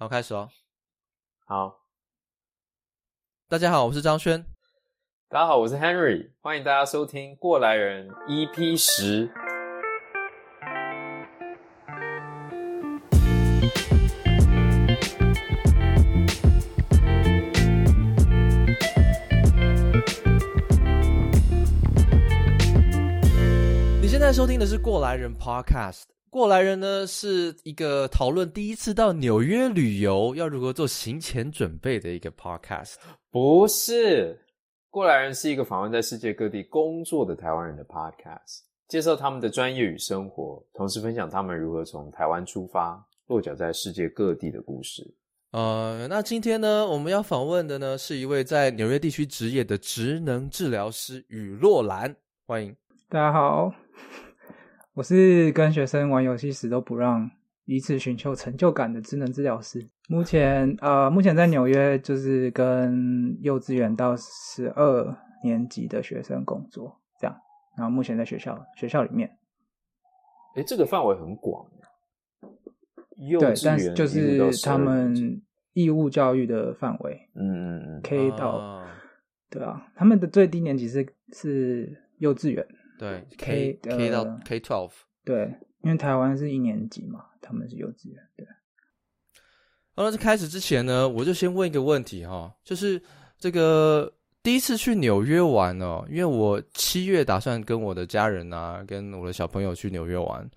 好，開始哦。好，大家好，我是張軒。大家好，我是 Henry。歡迎大家收聽《過來人》EP10。你現在收聽的是《過來人》Podcast。過來人呢，是一個討論第一次到紐約旅遊要如何做行前準備的一個 podcast。不是。過來人是一個訪問在世界各地工作的台灣人的 podcast，介紹他們的專業與生活，同時分享他們如何從台灣出發，落腳在世界各地的故事。呃，那今天呢，我們要訪問的呢，是一位在紐約地區執業的職能治療師宇洛藍，歡迎大家好。我是跟學生玩遊戲時都不讓，以此尋求成就感的職能治療師。目前，呃，目前在紐約就是跟幼稚園到十二年級的學生工作這樣。然後目前在學校，學校裡面，哎、欸，這個範圍很廣，啊，幼稚園就是他們義務教育的範圍。嗯嗯嗯，K 到，啊對啊，他們的最低年級是是幼稚園。對 K K 到 K twelve，uh, 對，因為台灣是一年級嘛，他們是幼稚園。對，好了，這開始之前呢，我就先問一個問題哈、哦，就是這個第一次去紐約玩哦，因為我七月打算跟我的家人啊，跟我的小朋友去紐約玩，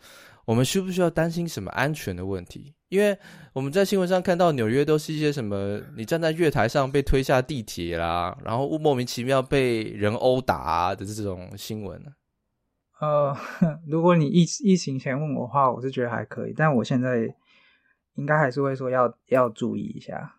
我們需不需要擔心什麼安全的問題？因為我們在新聞上看到紐約都是一些什麼，你站在月台上被推下地鐵啦，然後莫名其妙被人毆打、啊、的這種新聞。呃呵，如果你疫疫情前問我的話，我是覺得還可以，但我現在應該還是會說要要注意一下。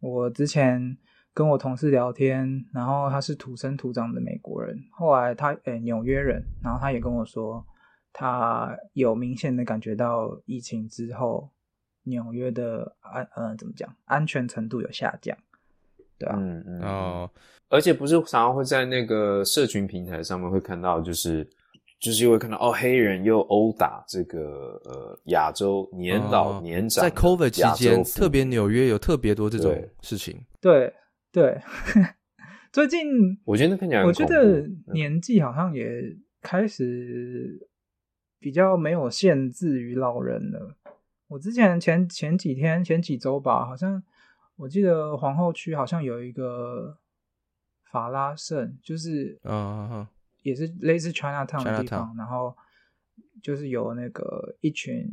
我之前跟我同事聊天，然後他是土生土長的美國人，後來他誒，紐約人，然後他也跟我說，他有明顯的感覺到疫情之後紐約的安呃，怎麼講，安全程度有下降。對啊，嗯嗯哦、嗯，而且不是常常會在那個社群平台上面會看到，就是。就是因為看到哦，黑人又毆打這個呃亞洲年老年長，uh, 在 COVID 期間，特別紐約有特別多這種事情。對對，對 最近我覺得看起來我覺得年紀好像也開始比較沒有限制於老人了。我之前前前幾天前幾周吧，好像我記得皇後區好像有一個法拉盛，就是嗯、uh-huh.。也是類似 Chinatown 的地方，然後就是有那個一群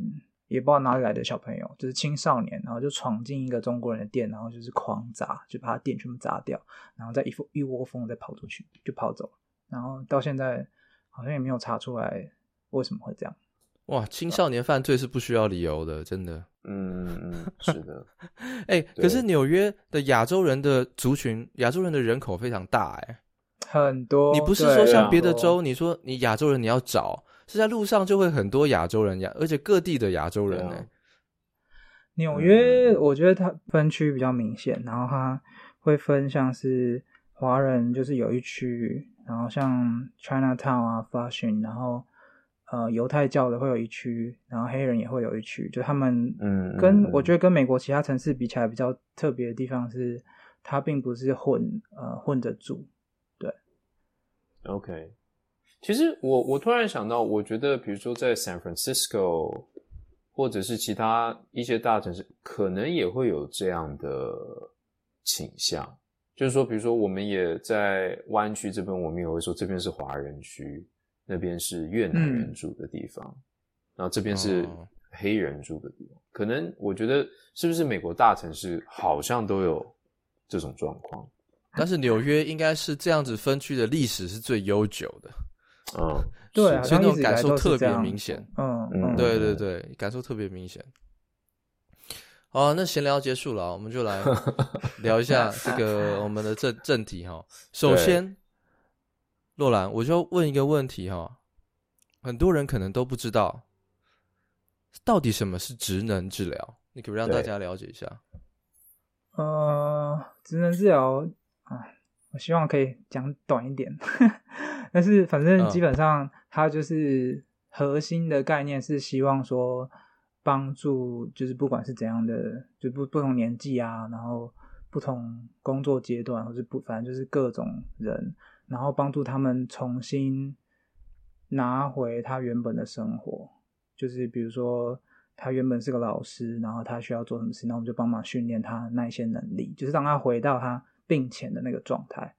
也不知道哪裡來的小朋友，就是青少年，然後就闖進一個中國人的店，然後就是狂砸，就把他店全部砸掉，然後再一蜂一窩蜂再跑出去，就跑走。然後到現在好像也沒有查出來為什麼會這樣。哇，青少年犯罪是不需要理由的，真的。嗯，是的。哎、 欸，可是紐約的亞洲人的族群，亞洲人的人口非常大、欸，哎。很多，你不是說像別的州，你說你亞洲人你要找是在路上就會很多亞洲人，呀，而且各地的亞洲人呢、欸。紐、嗯、約我覺得它分區比較明顯，然後它會分像是華人就是有一區，然後像 Chinatown 啊，Flushing，然後呃猶太教的會有一區，然後黑人也會有一區，就他們跟嗯跟我覺得跟美國其他城市比起來比較特別的地方是它並不是混呃混着住。OK，其實我我突然想到，我覺得比如說在 San Francisco，或者是其他一些大城市，可能也會有這樣的傾向，就是說，比如說我們也在灣區這邊，我們也會說這邊是華人區，那邊是越南人住的地方，嗯、然後這邊是黑人住的地方、哦。可能我覺得是不是美國大城市好像都有這種狀況？但是紐約應該是這樣子分區的歷史是最悠久的，啊、嗯，對，所以那種感受特別明顯，嗯，對對對，嗯、感受特別明顯。好、啊，那閒聊結束了，我們就來聊一下這個我們的正 正題哈。首先，洛蘭，我就問一個問題哈，很多人可能都不知道，到底什麼是職能治療？你可不可以讓大家了解一下？呃，職能治療。我希望可以講短一點，但是反正基本上他就是核心的概念，是希望說幫助，就是不管是怎樣的，就不不同年紀啊，然後不同工作階段，或者不，反正就是各種人，然後幫助他們重新拿回他原本的生活。就是比如說他原本是個老師，然後他需要做什麼事，那我們就幫忙訓練他那些能力，就是讓他回到他。病前的那個狀態，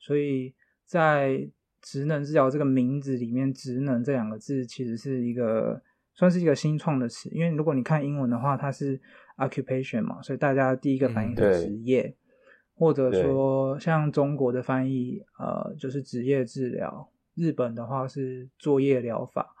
所以在職能治療這個名字裡面，“職能”這兩個字其實是一個，算是一個新創的詞。因為如果你看英文的話，它是 occupation 嘛，所以大家第一個反應是職業、嗯，或者說像中國的翻譯，呃，就是職業治療；日本的話是作業療法。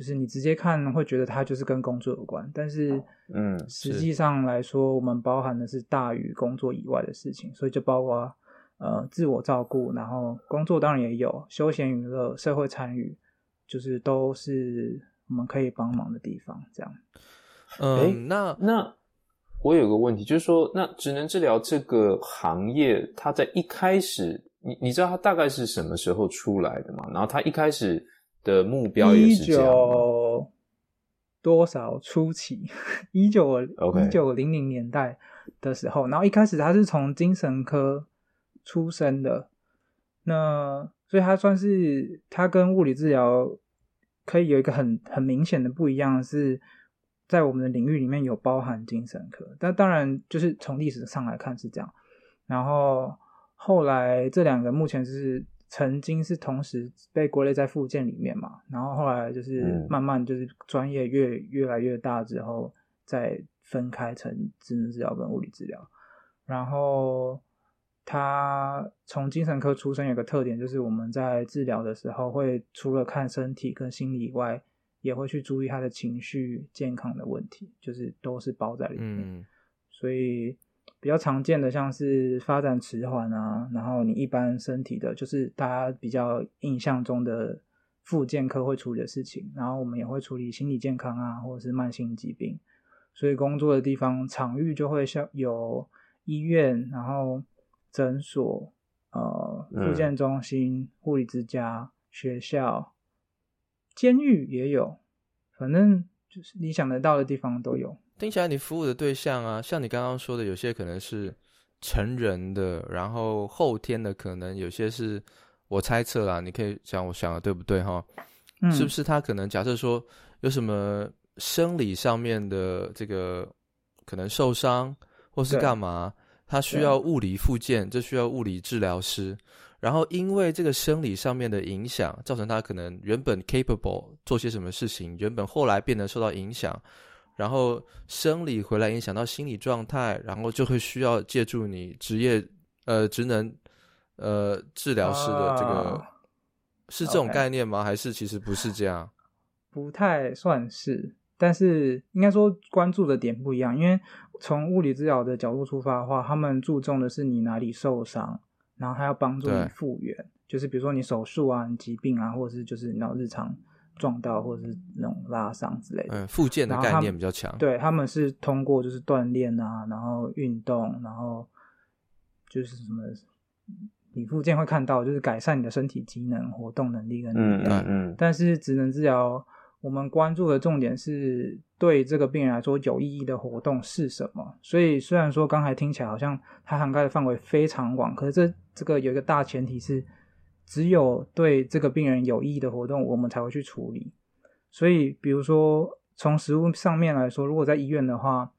就是你直接看會覺得它就是跟工作有關，但是嗯，實際上來說，我們包含的是大於工作以外的事情，嗯、所以就包括呃自我照顧，然後工作當然也有休閒娛樂、社會參與，就是都是我們可以幫忙的地方。這樣，嗯，欸、那那我有個問題，就是說，那職能治療這個行業，它在一開始，你你知道它大概是什麼時候出來的嗎？然後它一開始。的目標也是這樣。一九多少初期，一九一九零零年代的時候，okay. 然後一開始他是從精神科出身的，那所以他算是他跟物理治療可以有一個很很明顯的不一樣，是在我們的領域裡面有包含精神科，但當然就是從歷史上來看是這樣。然後後來這兩個目前是。曾經是同時被歸類在復健裡面嘛，然後後來就是慢慢就是專業越、嗯、越來越大之後，再分開成職能治療跟物理治療。然後他從精神科出身，有個特點就是我們在治療的時候會除了看身體跟心理以外，也會去注意他的情緒健康的問題，就是都是包在裡面。嗯、所以。比較常見的像是發展遲緩啊，然後你一般身體的，就是大家比較印象中的，復健科會處理的事情，然後我們也會處理心理健康啊，或者是慢性疾病，所以工作的地方場域就會像有醫院，然後診所，呃，復健中心、嗯、護理之家、學校、監獄也有，反正就是你想得到的地方都有。聽起來你服務的對象啊，像你剛剛說的，有些可能是成人的，然後後天的，可能有些是我猜測啦。你可以想，我想的對不對哈、嗯？是不是他可能假設說有什麼生理上面的這個可能受傷或是幹嘛，他需要物理復健，這需要物理治療師。然後因為這個生理上面的影響，造成他可能原本 capable 做些什麼事情，原本後來變得受到影響。然後生理回來影響到心理狀態，然後就會需要借助你職業呃職能呃治療師的這個、啊，是這種概念嗎？Okay. 還是其實不是這樣？不太算是，但是應該說關注的點不一樣。因為從物理治療的角度出發的話，他們注重的是你哪裡受傷，然後他要幫助你復原。就是比如說你手術啊、你疾病啊，或者是就是你腦日常。撞到或者是那種拉傷之類的，嗯，復健的概念比較強，對，他們是通過就是鍛鍊啊，然後運動，然後就是什麼，你復健會看到就是改善你的身體機能、活動能力跟，嗯嗯嗯。但是職能治療，我們關注的重點是對這個病人來說有意義的活動是什麼。所以雖然說剛才聽起來好像它涵蓋的範圍非常廣，可是這這個有一個大前提是。只有對這個病人有益的活動，我們才會去處理。所以，比如說從食物上面來說，如果在醫院的話，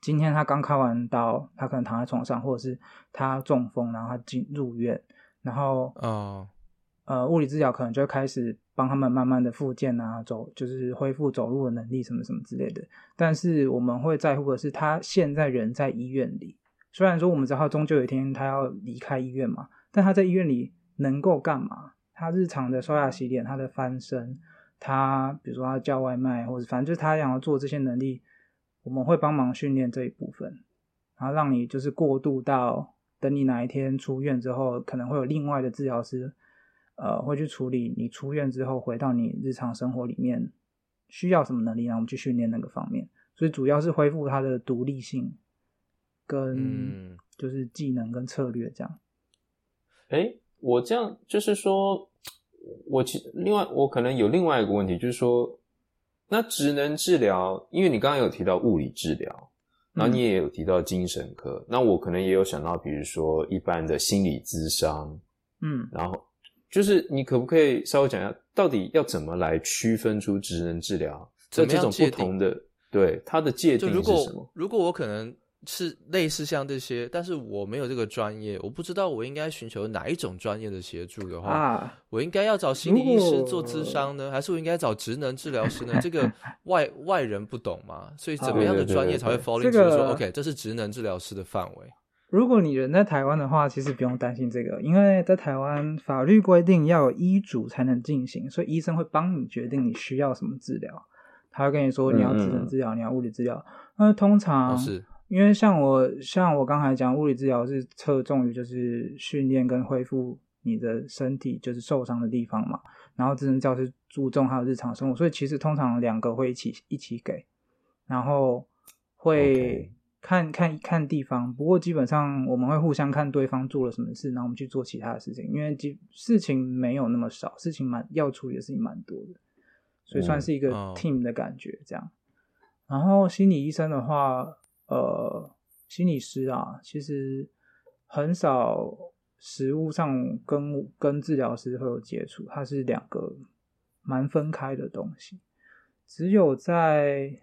今天他剛開完刀，他可能躺在床上，或者是他中風，然後他進入院，然後呃，物理治療可能就會開始幫他們慢慢的復健啊，走就是恢復走路的能力什麼什麼之類的。但是我們會在乎的是，他現在人在醫院裡，雖然說我們知道終究有一天他要離開醫院嘛，但他在醫院裡。能夠幹嘛？他日常的刷牙洗臉，他的翻身，他比如說他叫外賣，或者反正就是他想要做這些能力，我們會幫忙訓練這一部分，然後讓你就是過渡到等你哪一天出院之後，可能會有另外的治療師，呃，會去處理你出院之後回到你日常生活裡面需要什麼能力，然後我們去訓練那個方面。所以主要是恢復他的獨立性，跟就是技能跟策略這樣。哎、嗯。欸我這樣就是說，我其另外我可能有另外一個問題，就是說，那職能治療，因為你剛剛有提到物理治療，那你也有提到精神科，嗯，那我可能也有想到，比如說一般的心理諮商，嗯，然後就是你可不可以稍微講一下，到底要怎麼來區分出職能治療？這這種不同的對它的界定是什麼？如果我可能。是類似像這些，但是我沒有這個專業，我不知道我應該尋求哪一種專業的協助的話，啊、我應該要找心理醫師做諮商呢，還是我應該找職能治療師呢？這個外 外人不懂嘛，所以怎麼樣的專業才會 falling？啊對對對對就是、說、這個，OK，這是職能治療師的範圍。如果你人在台灣的話，其實不用擔心這個，因為在台灣法律規定要有醫囑才能進行，所以醫生會幫你決定你需要什麼治療，他會跟你說你要職能治療、嗯嗯，你要物理治療，那通常、啊因為像我像我剛才講，物理治療是側重於就是訓練跟恢復你的身體，就是受傷的地方嘛。然後職能治療是注重還有日常生活，所以其實通常兩個會一起一起給，然後會看、Okay. 看看，看地方。不過基本上我們會互相看對方做了什麼事，然後我們去做其他的事情，因為基事情沒有那麼少，事情蠻要處理的事情蠻多的，所以算是一個 team 的感覺這樣。Oh. 然後心理醫生的話。呃，心理師啊，其實很少實務上跟跟治療師會有接觸，它是兩個蠻分開的東西。只有在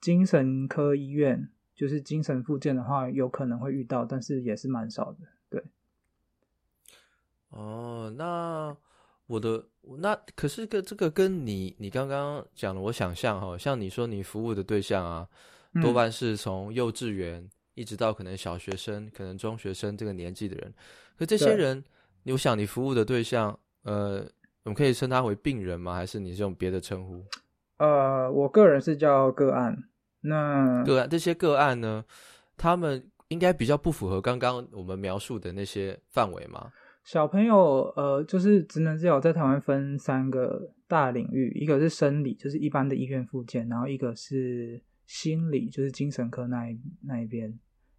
精神科醫院，就是精神復健的話，有可能會遇到，但是也是蠻少的。對，哦，那我的那可是跟這個跟你你剛剛講的，我想象哈，像你說你服務的對象啊。多半是從幼稚園一直到可能小學生、可能中學生這個年紀的人，可這些人，你，我想你服務的對象，呃，我們可以稱他為病人嗎？還是你用別的稱呼？呃，我個人是叫個案。那個這些個案呢，他們應該比較不符合剛剛我們描述的那些範圍嗎？小朋友，呃，就是職能治療在台灣分三個大領域，一個是生理，就是一般的醫院復健，然後一個是。心理就是精神科那一那一邊，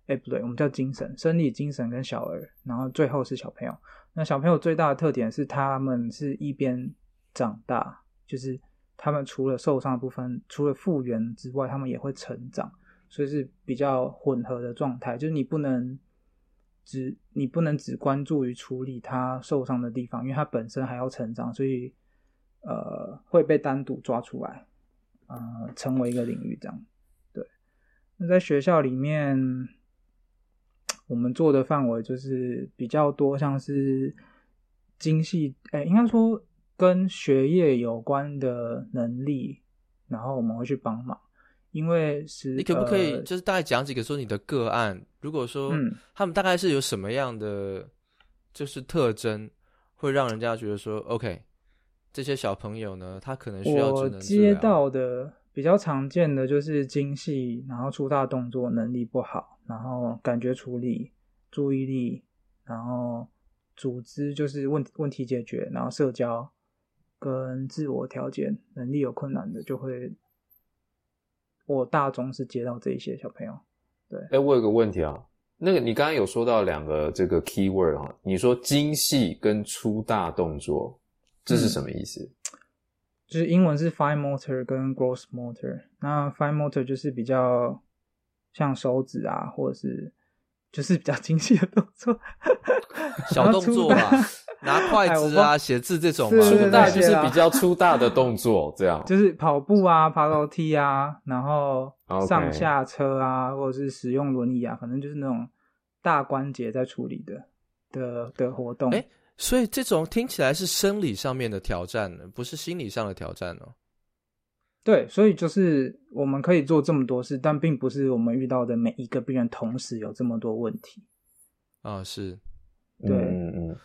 哎、欸、不對，我們叫精神、生理、精神跟小兒，然後最後是小朋友。那小朋友最大的特點是，他們是一邊長大，就是他們除了受傷的部分，除了復原之外，他們也會成長，所以是比較混合的狀態。就是你不能只你不能只關注於處理他受傷的地方，因為他本身還要成長，所以呃會被單獨抓出來，呃成為一個領域這樣。那在學校裡面，我們做的範圍就是比較多，像是精細，哎、欸，應該說跟學業有關的能力，然後我們會去幫忙。因為是，你可不可以，呃、就是大概講幾個說你的個案，如果說他們大概是有什麼樣的，就是特徵、嗯，會讓人家覺得說，OK，這些小朋友呢，他可能需要職能？我接到的。比較常見的就是精細，然後粗大動作能力不好，然後感覺處理、注意力，然後組織就是問問題解決，然後社交跟自我調節能力有困難的，就會我大宗是接到這一些小朋友。對，哎、欸，我有個問題啊，那個你剛剛有說到兩個這個 keyword 啊，你說精細跟粗大動作，這是什麼意思？嗯就是英文是 fine motor 跟 gross motor。那 fine motor 就是比較像手指啊，或者是就是比較精細的動作，小動作嘛、啊， 拿筷子啊、寫、哎、字這種嘛、啊。粗大就是比較粗大的動作，這樣。就是跑步啊、爬樓梯啊，然後上下車啊，Okay. 或者是使用輪椅啊，反正就是那種大關節在處理的的的活動。欸所以這種聽起來是生理上面的挑戰，不是心理上的挑戰哦。對，所以就是我們可以做這麼多事，但並不是我們遇到的每一個病人同時有這麼多問題。啊、哦，是。對，嗯嗯，嗯。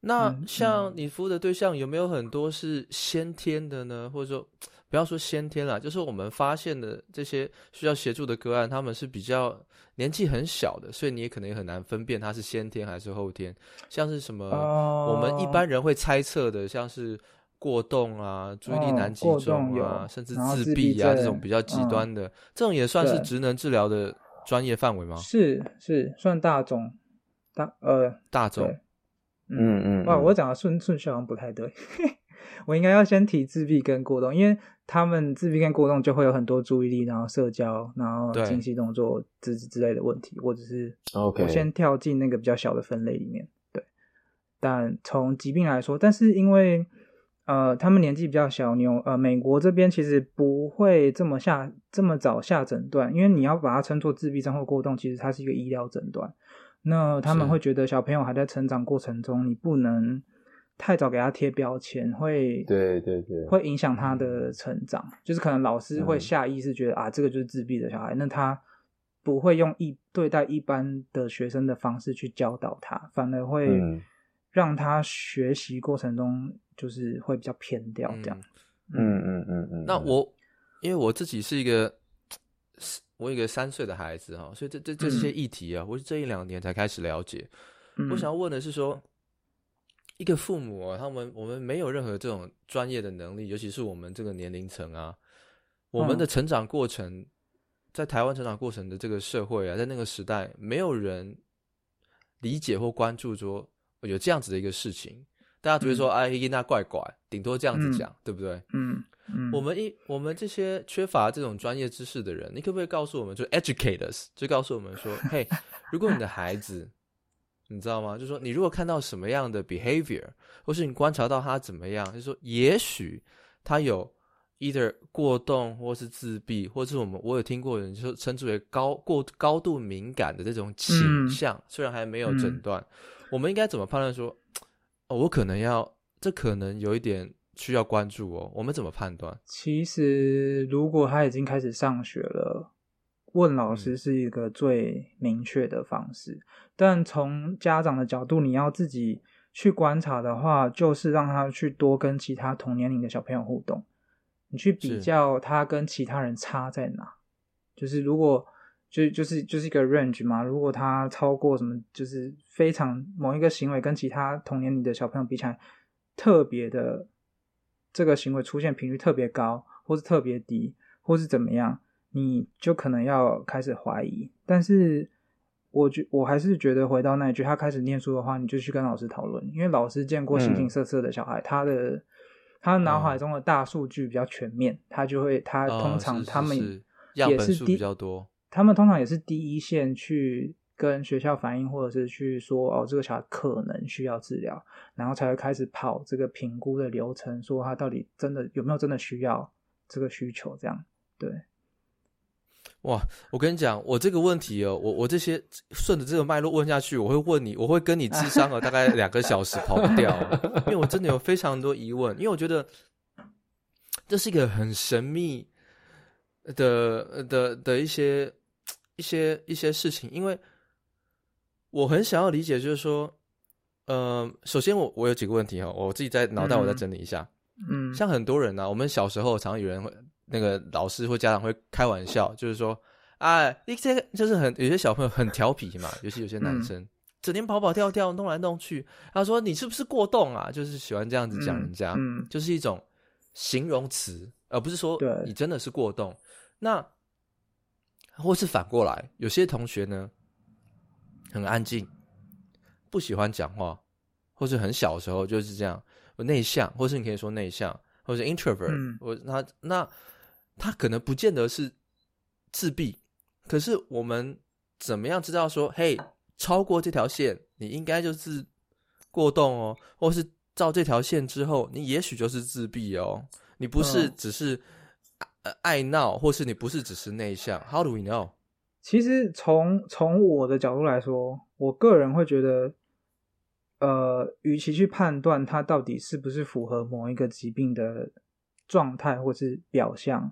那像你服務的對象有沒有很多是先天的呢？嗯嗯、或者說？不要說先天了，就是我們發現的這些需要協助的個案，他們是比較年紀很小的，所以你也可能也很難分辨他是先天還是後天。像是什麼，uh, 我們一般人會猜測的，像是過動啊、注意力難集中啊，uh, 甚至自閉啊自這種比較極端的，uh, 這種也算是職能治療的專業範圍嗎？是是，算大眾。大呃大眾。嗯嗯，嗯嗯。哇，我講的順順序好像不太對。 我應該要先提自閉跟過動，因為他們自閉跟過動就會有很多注意力，然後社交，然後精細動作之之類的問題，或者是我先跳進那個比較小的分類裡面。對，Okay. 但從疾病來說，但是因為呃，他們年紀比較小，你有呃，美國這邊其實不會這麼下這麼早下診斷，因為你要把它稱作自閉症或過動，其實它是一個醫療診斷。那他們會覺得小朋友還在成長過程中，你不能。太早給他貼標籤會，對對對，會影響他的成長。嗯、就是可能老師會下意識覺得、嗯、啊，這個就是自閉的小孩，那他不會用一對待一般的學生的方式去教導他，反而會讓他學習過程中就是會比較偏掉這樣，嗯嗯嗯嗯、嗯、嗯。那我因為我自己是一個，我有一個三歲的孩子哈，所以這這、這這些議題啊，嗯、我是這一兩年才開始了解。嗯、我想要問的是說。一個父母、啊、他們我們沒有任何這種專業的能力，尤其是我們這個年齡層啊，我們的成長過程，oh. 在台灣成長過程的這個社會啊，在那個時代，沒有人理解或關注說有這樣子的一個事情。大家只會說哎，娜、mm -hmm. 啊、怪怪，頂多這樣子講，mm -hmm. 對不對？嗯嗯。我們一我們這些缺乏這種專業知識的人，你可不可以告訴我們，就 educators，就告訴我們說，嘿、 hey,，如果你的孩子。你知道嗎？就是說，你如果看到什麼樣的 behavior，或是你觀察到他怎麼樣，就是說，也許他有 either 過動，或是自閉，或是我們我有聽過人說稱之為高過高度敏感的這種傾向，嗯，雖然還沒有診斷，嗯，我們應該怎麼判斷說，說，哦，我可能要這可能有一點需要關注哦。我們怎麼判斷？其實，如果他已經開始上學了。問老師是一個最明確的方式，嗯，但從家長的角度，你要自己去觀察的話，就是讓他去多跟其他同年齡的小朋友互動，你去比較他跟其他人差在哪，是就是如果就就是就是一個 range 嘛，如果他超過什麼，就是非常某一個行為跟其他同年齡的小朋友比起來，特別的這個行為出現頻率特別高，或是特別低，或是怎麼樣。你就可能要開始懷疑，但是我覺我還是覺得回到那一句，他開始念書的話，你就去跟老師討論，因為老師見過形形色色的小孩，嗯、他的他腦海中的大數據比較全面，嗯、他就會他通常他們也是，嗯、是，是，是樣本數比較多，他們通常也是第一線去跟學校反映，或者是去說哦，這個小孩可能需要治療，然後才會開始跑這個評估的流程，說他到底真的有沒有真的需要這個需求，這樣，對。哇！我跟你講，我這個問題哦，我我這些順着這個脈絡問下去，我會問你，我會跟你諮商啊， 大概兩個小時跑不掉。哦，因為我真的有非常多疑問，因為我覺得這是一個很神秘的的的、的一些一些一些事情，因為我很想要理解，就是說，呃，首先我我有幾個問題哈，哦，我自己在腦袋我再整理一下，嗯，嗯，像很多人呢，啊，我們小時候常有人會。那個老師或家長會開玩笑，就是說，哎，你這個就是很有些小朋友很調皮嘛，尤其有些男生、嗯、整天跑跑跳跳，弄來弄去。他說你是不是過動啊？就是喜歡這樣子講人家，嗯嗯、就是一種形容詞，而不是說你真的是過動。那或是反過來，有些同學呢很安靜，不喜歡講話，或是很小的時候就是這樣，內向，或是你可以說內向，或者是 introvert，那、嗯、那。他可能不見得是自閉，可是我們怎麼樣知道說，嘿，超過這條線，你應該就是過動哦，或是照這條線之後，你也許就是自閉哦，你不是只是、嗯啊、愛鬧，或是你不是只是內向？How do we know？其實從從我的角度來說，我個人會覺得，呃，與其去判斷它到底是不是符合某一個疾病的狀態或是表象。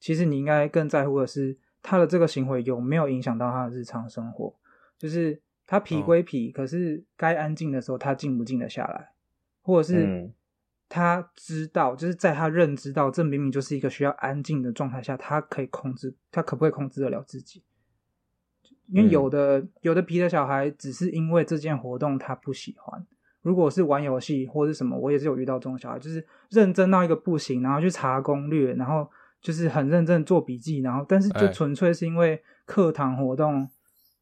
其實你應該更在乎的是他的這個行為有沒有影響到他的日常生活。就是他皮歸皮，可是該安靜的時候他靜不靜得下來，或者是他知道，就是在他認知到這明明就是一個需要安靜的狀態下，他可以控制，他可不可以控制得了自己？因為有的有的皮的小孩只是因為這件活動他不喜歡，如果是玩遊戲或是什麼，我也是有遇到這種小孩，就是認真到一個不行，然後去查攻略，然後。就是很認真做筆記，然後但是就純粹是因為課堂活動，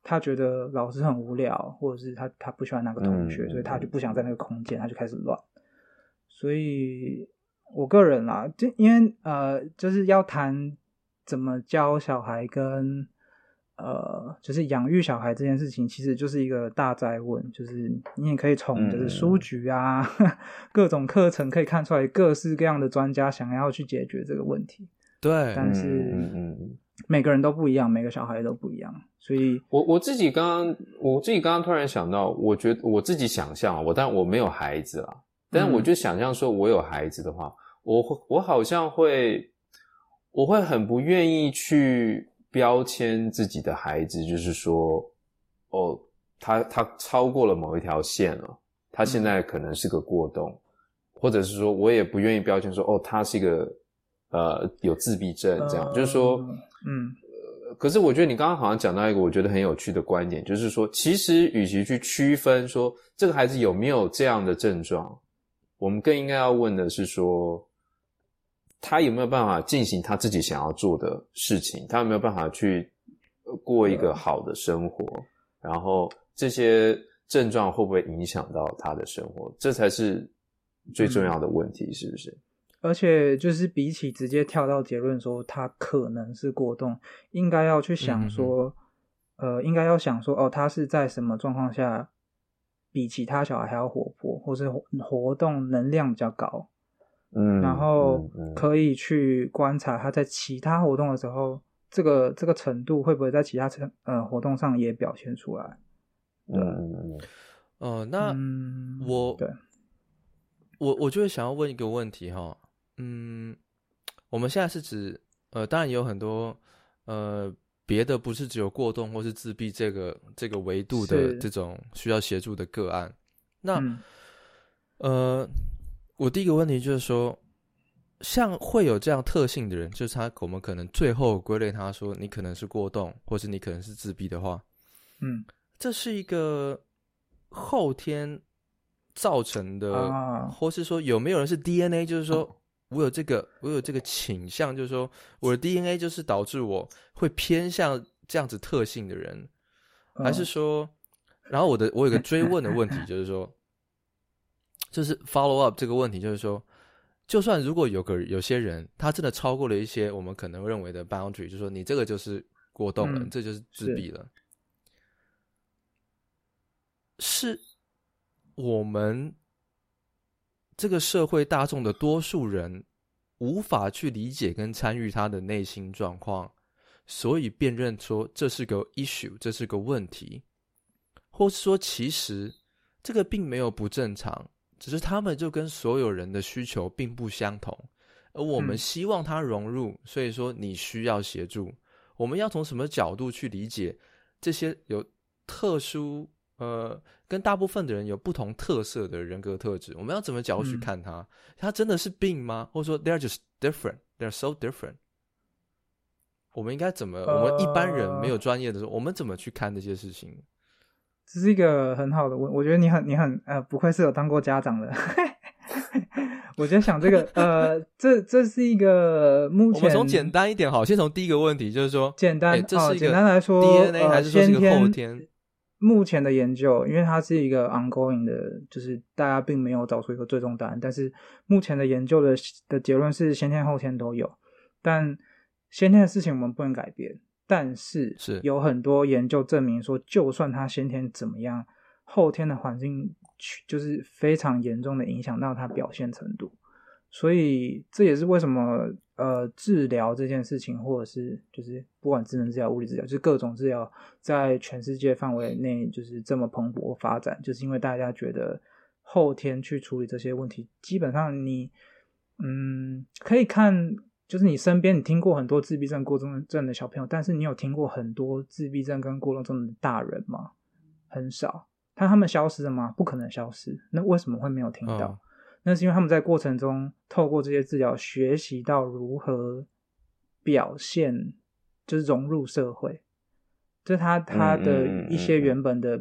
他覺得老師很無聊，或者是他他不喜歡那個同學，所以他就不想在那個空間、嗯，他就開始亂。所以我個人啦，就因為呃，就是要談怎麼教小孩跟呃，就是養育小孩這件事情，其實就是一個大哉問。就是你也可以從就是書局啊，嗯、 各種課程可以看出來，各式各樣的專家想要去解決這個問題。對，但是嗯嗯，每個人都不一樣、嗯嗯，每個小孩都不一樣，所以我我自己剛剛我自己剛剛突然想到，我覺得我自己想象啊，我但我沒有孩子啦，但我就想象說我有孩子的話，嗯、我我好像會，我會很不願意去標籤自己的孩子，就是說哦，他他超過了某一條線了，他現在可能是個過動，嗯、或者是說我也不願意標籤說哦，他是一個。呃，有自閉症這樣，呃、就是說，嗯、呃，可是我覺得你剛剛好像講到一個我覺得很有趣的觀點，就是說，其實與其去區分說這個孩子有沒有這樣的症狀，我們更應該要問的是說，他有沒有辦法進行他自己想要做的事情，他有沒有辦法去過一個好的生活，嗯、然後這些症狀會不會影響到他的生活，這才是最重要的問題，嗯、是不是？而且就是比起直接跳到結論說他可能是過動，應該要去想說，嗯、呃，應該要想說哦，他是在什麼狀況下比其他小孩還要活潑，或是活動能量比較高，嗯，然後可以去觀察他在其他活動的時候，這個這個程度會不會在其他程呃活動上也表現出來？對嗯，哦、嗯呃，那、嗯、我，對我，我我就是想要問一個問題哈、哦。嗯，我們現在是指，呃，當然有很多，呃，別的不是只有過動或是自閉這個這個維度的這種需要協助的個案。那、嗯，呃，我第一個問題就是說，像會有這樣特性的人，就是他我們可能最後歸類他說你可能是過動，或是你可能是自閉的話，嗯，這是一個後天造成的，啊、或是說有沒有人是 DNA，就是說、嗯。我有這個，我有這個傾向，就是說，我的 DNA 就是導致我會偏向這樣子特性的人，還是說，哦、然後我的我有個追問的問題，就是說，就是 follow up 這個問題，就是說，就算如果有個有些人，他真的超過了一些我們可能認為的 boundary，就是說你這個就是過動了、嗯，這就是自閉了，是，是我們。這個社會大眾的多數人無法去理解跟參與他的內心狀況，所以辨認說這是個 issue，這是個問題，或是說其實這個並沒有不正常，只是他們就跟所有人的需求並不相同，而我們希望他融入，嗯。所以說你需要協助，我們要從什麼角度去理解這些有特殊呃？跟大部分的人有不同特色的人格特質，我們要怎麼角度去看他？他、嗯、真的是病嗎？或者說，They are just different. They are so different. 我們應該怎麼、呃？我們一般人沒有專業的時候，我們怎麼去看這些事情？這是一個很好的問，我覺得你很你很呃，不愧是有當過家長的。 我在想這個 呃，這這是一個目前我們從簡單一點好，先從第一個問題就是說簡單，欸、這是 DNA，哦、簡單來說。DNA 還是說是一個後天？目前的研究，因為它是一個 ongoing 的，就是大家並沒有找出一個最終答案。但是目前的研究的的結論是先天後天都有，但先天的事情我們不能改變，但是是有很多研究證明說，就算他先天怎麼樣，後天的環境就是非常嚴重地影響到他表現程度，所以這也是為什麼。呃，治療這件事情，或者是就是不管職能治療、物理治療，就是各種治療，在全世界範圍內就是這麼蓬勃發展，就是因為大家覺得後天去處理這些問題，基本上你，嗯，可以看，就是你身邊你聽過很多自閉症、過動症的小朋友，但是你有聽過很多自閉症跟過動症的大人嗎？很少。那他們消失了嗎？不可能消失。那為什麼會沒有聽到？嗯那是因為他們在過程中透過這些治療學習到如何表現，就是融入社會。就他、嗯、他的一些原本的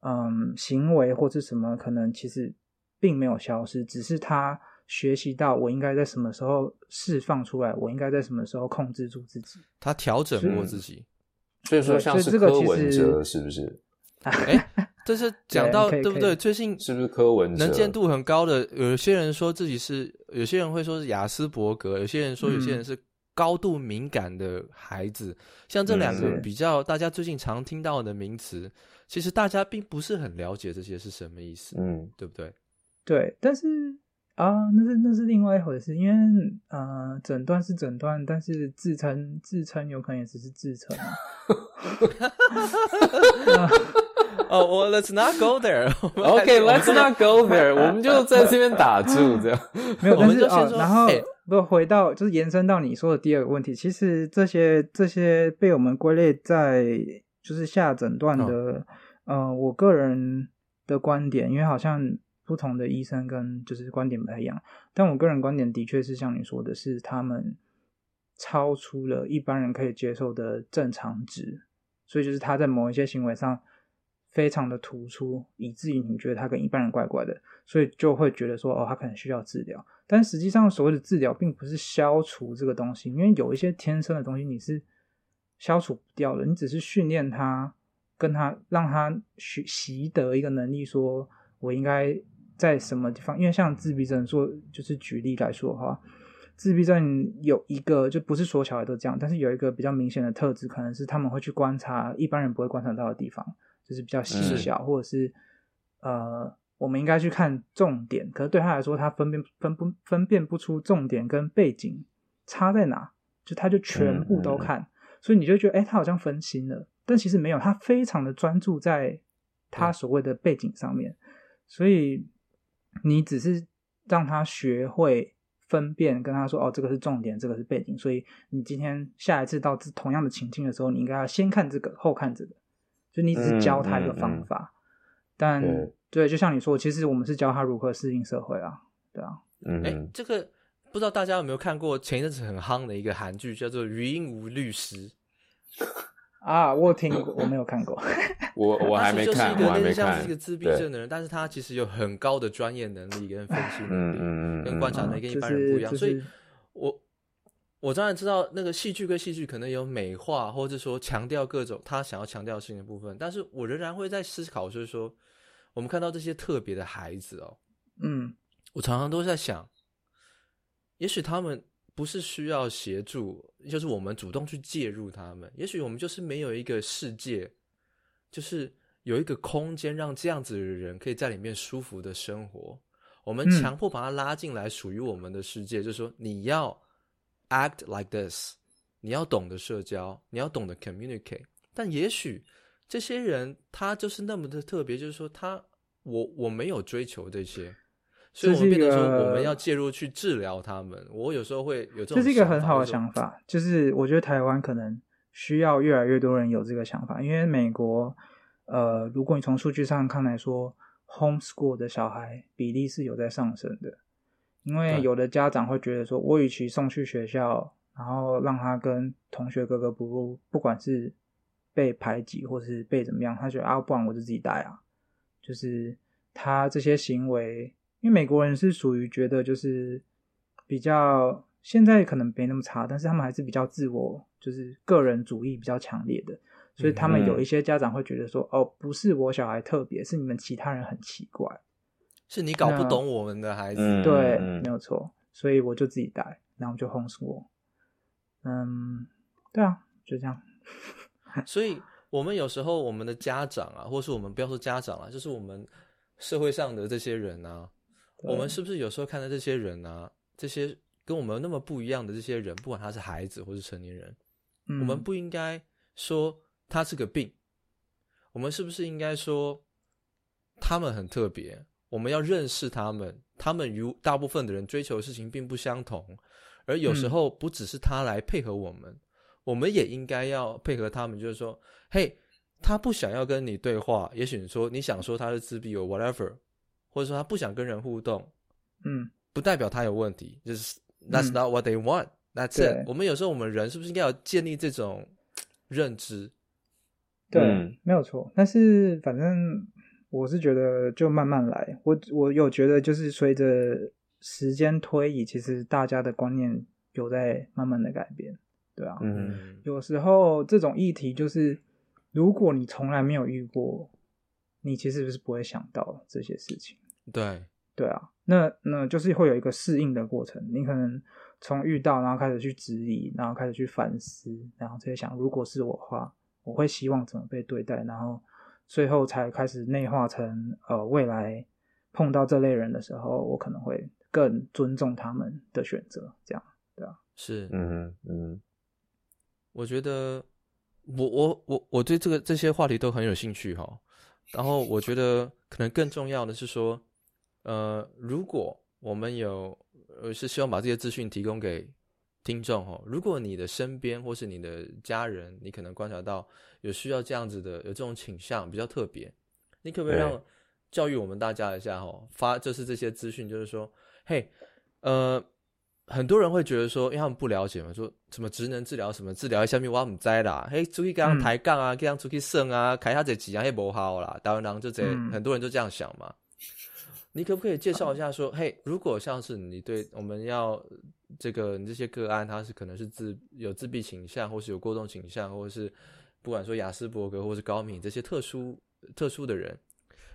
嗯、嗯行為或是什麼，可能其實並沒有消失，只是他學習到我應該在什麼時候釋放出來，我應該在什麼時候控制住自己。他調整過自己，所以說像是柯文哲這個，其實是不是？哎、欸。 這是講到對不對？對？最近是不是柯文哲能見度很高的是、是？有些人說自己是，有些人會說是亞斯伯格，有些人說有些人是高度敏感的孩子，嗯、像這兩個比較大家最近常聽到的名詞，嗯，其實大家並不是很了解這些是什麼意思，嗯，對不對？對，但是啊，那是那是另外一回事，因為啊、呃，診斷是診斷，但是自稱自稱有可能也只是自稱。 啊 哦，我 Let's not go there. OK, Let's not go there. 我們就在這邊打住，這樣 沒有。我們就然後 不回到，就是延伸到你說的第二個問題。其實這些這些被我們歸類在就是下診斷的，Oh. 呃我個人的觀點，因為好像不同的醫生跟就是觀點不太一樣。但我個人觀點的確是像你說的是，是他們超出了一般人可以接受的正常值，所以就是他在某一些行為上。非常的突出，以至於你覺得他跟一般人怪怪的，所以就會覺得說，哦，他可能需要治療。但實際上，所謂的治療並不是消除這個東西，因為有一些天生的東西你是消除不掉的。你只是訓練他，跟他讓他習，習得一個能力，說我應該在什麼地方。因為像自閉症說，說就是舉例來說哈，自閉症有一個就不是所有小孩都這樣，但是有一個比較明顯的特質，可能是他們會去觀察一般人不會觀察到的地方。就是比較細小，或者是呃，我們應該去看重點。可是對他來說，他分辨分不分辨不出重點跟背景差在哪，就他就全部都看。所以你就覺得，哎、欸，他好像分心了，但其實沒有，他非常的專注在他所謂的背景上面。所以你只是讓他學會分辨，跟他說，哦，這個是重點，這個是背景。所以你今天下一次到同樣的情境的時候，你應該要先看這個，後看這個。就你只教他一個方法，嗯嗯嗯、但、嗯、對，就像你說，其實我們是教他如何適應社會啊，對啊，嗯。哎，這個不知道大家有沒有看過前一陣子很夯的一個韓劇，叫做《禹英禑律師》啊，我聽過、嗯，我沒有看過。我我還沒看過。 他是一個類似像是一個自閉症的人，但是他其實有很高的專業能力跟分析能力，跟觀察能力跟一般人不一樣，嗯、所以。我當然知道那個戲劇跟戲劇可能有美化，或者說強調各種他想要強調的事情的部分，但是我仍然會在思考，就是說，我們看到這些特別的孩子哦，嗯，我常常都在想，也許他們不是需要協助，就是我們主動去介入他們，也許我們就是沒有一個世界，就是有一個空間讓這樣子的人可以在裡面舒服的生活，我們強迫把他拉進來屬於我們的世界，嗯、就是說你要。Act like this，你要懂得社交，你要懂得 communicate。但也許這些人他就是那麼的特別，就是說他我我沒有追求這些，所以我們變得說我們要介入去治療他們。我有時候會有這種想法，這是一個很好的想法，就是我覺得台灣可能需要越來越多人有這個想法，因為美國呃，如果你從數據上看來說，homeschool 的小孩比例是有在上升的。因為有的家長會覺得說，我與其送去學校，然後讓他跟同學格格不入，不管是被排擠或是被怎麼樣，他覺得啊，不然我就自己帶啊。就是他這些行為，因為美國人是屬於覺得就是比較現在可能沒那麼差，但是他們還是比較自我，就是個人主義比較強烈的，所以他們有一些家長會覺得說，哦，不是我小孩特別，是你們其他人很奇怪。是你搞不懂我們的孩子，嗯、對、嗯嗯，沒有錯，所以我就自己帶，然後就 homeschool，嗯，對啊，就這樣。 所以我們有時候我們的家長啊，或是我們不要說家長了、啊，就是我們社會上的這些人啊，我們是不是有時候看到這些人啊，這些跟我們那麼不一樣的這些人，不管他是孩子或是成年人，嗯、我們不應該說他是個病，我們是不是應該說他們很特別？我們要認識他們，他們與大部分的人追求的事情並不相同，而有時候不只是他來配合我們，嗯、我們也應該要配合他們。就是說，嘿，他不想要跟你對話，也許你說你想說他是自閉 or whatever，或者說他不想跟人互動，嗯，不代表他有問題。就是、嗯、That's not what they want that's it。那是我們有時候我們人是不是應該要建立這種認知？對，嗯、沒有錯。但是反正。我是覺得就慢慢來，我我有覺得就是隨着時間推移，其實大家的觀念有在慢慢的改變，對啊，嗯，有時候這種議題就是如果你從來沒有遇過，你其實是不是不會想到這些事情，對，對啊，那那就是會有一個適應的過程，你可能從遇到，然後開始去質疑，然後開始去反思，然後在想如果是我的話，我會希望怎麼被對待，然後。最後才開始內化成，呃，未來碰到這類人的時候，我可能會更尊重他們的選擇，這樣，對吧？是，嗯嗯，我覺得我，我我我我對這個這些話題都很有興趣哈，然後我覺得可能更重要的是說，呃，如果我們有，呃，是希望把這些資訊提供給。聽眾吼、哦，如果你的身邊或是你的家人，你可能觀察到有需要這樣子的，有這種傾向比較特別，你可不可以讓教育我們大家一下吼、哦？發就是這些資訊，就是說，嘿，呃，很多人會覺得說，因為他們不了解嘛，說什麼職能治療什麼治療一下我挖唔在啦，嘿，出去跟人抬槓啊，跟人出去勝啊，開下這幾啊，嘿不好啦，台灣人就這，很多人就這樣想嘛。嗯你可不可以介紹一下說，嘿，hey，如果像是你對我們要這個你這些個案，他是可能是自有自閉傾向，或是有過動傾向，或者是不管說亞斯伯格或是高敏這些特殊、呃、特殊的人，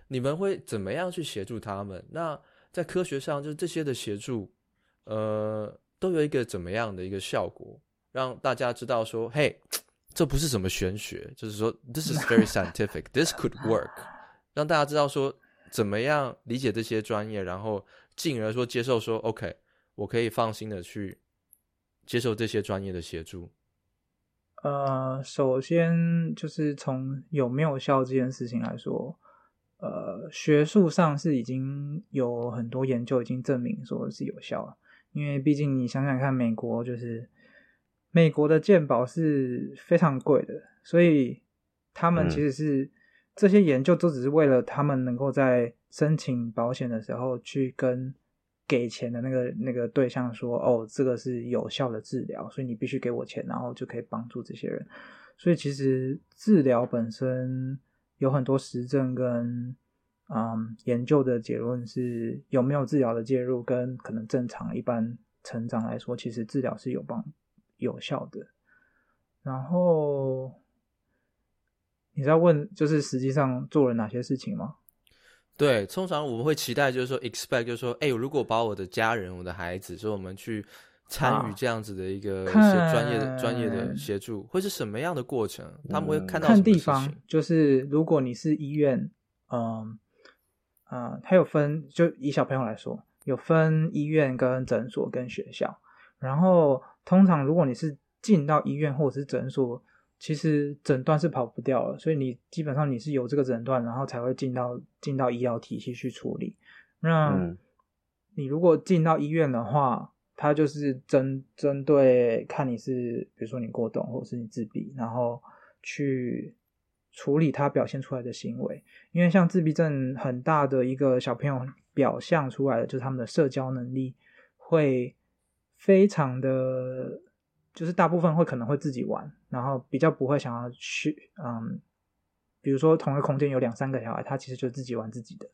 你們會怎麼樣去協助他們？那在科學上，就是這些的協助，呃，都有一個怎麼樣的一個效果，讓大家知道說，嘿，hey，這不是什麼玄學，就是說，this is very scientific，this could work，讓大家知道說。怎麼樣理解這些專業，然後進而說接受說 OK，我可以放心的去接受這些專業的協助。呃，首先就是從有沒有效這件事情來說，呃，學術上是已經有很多研究已經證明說是有效了，因為畢竟你想想看，美國就是美國的健保是非常貴的，所以他們其實是。嗯這些研究都只是為了他們能夠在申請保險的時候去跟給錢的那個那個對象說：“哦，這個是有效的治療，所以你必須給我錢，然後就可以幫助這些人。”所以其實治療本身有很多實證跟嗯，研究的結論是有沒有治療的介入，跟可能正常一般成長來說，其實治療是有幫有效的。然後。你在問，就是實際上做了哪些事情嗎？對，通常我們會期待，就是說 expect，就是說，哎、欸，如果把我的家人、我的孩子，說我們去參與這樣子的一個專業的、啊、專業的協助，會是什麼樣的過程？嗯、他們會看到什麼看地方？就是如果你是醫院，嗯、呃，啊、呃，它有分，就以小朋友來說，有分醫院、跟診所、跟學校。然後通常如果你是進到醫院或者是診所。其實診斷是跑不掉了，所以你基本上你是有這個診斷，然後才會進到進到醫療體系去處理。那你如果進到醫院的話，他就是針針對看你是，比如說你過動或者是你自閉，然後去處理他表現出來的行為。因為像自閉症，很大的一個小朋友表現出來的就是他們的社交能力會非常的。就是大部分會可能會自己玩，然後比較不會想要去，嗯，比如說同一個空間有兩三個小孩，他其實就自己玩自己的，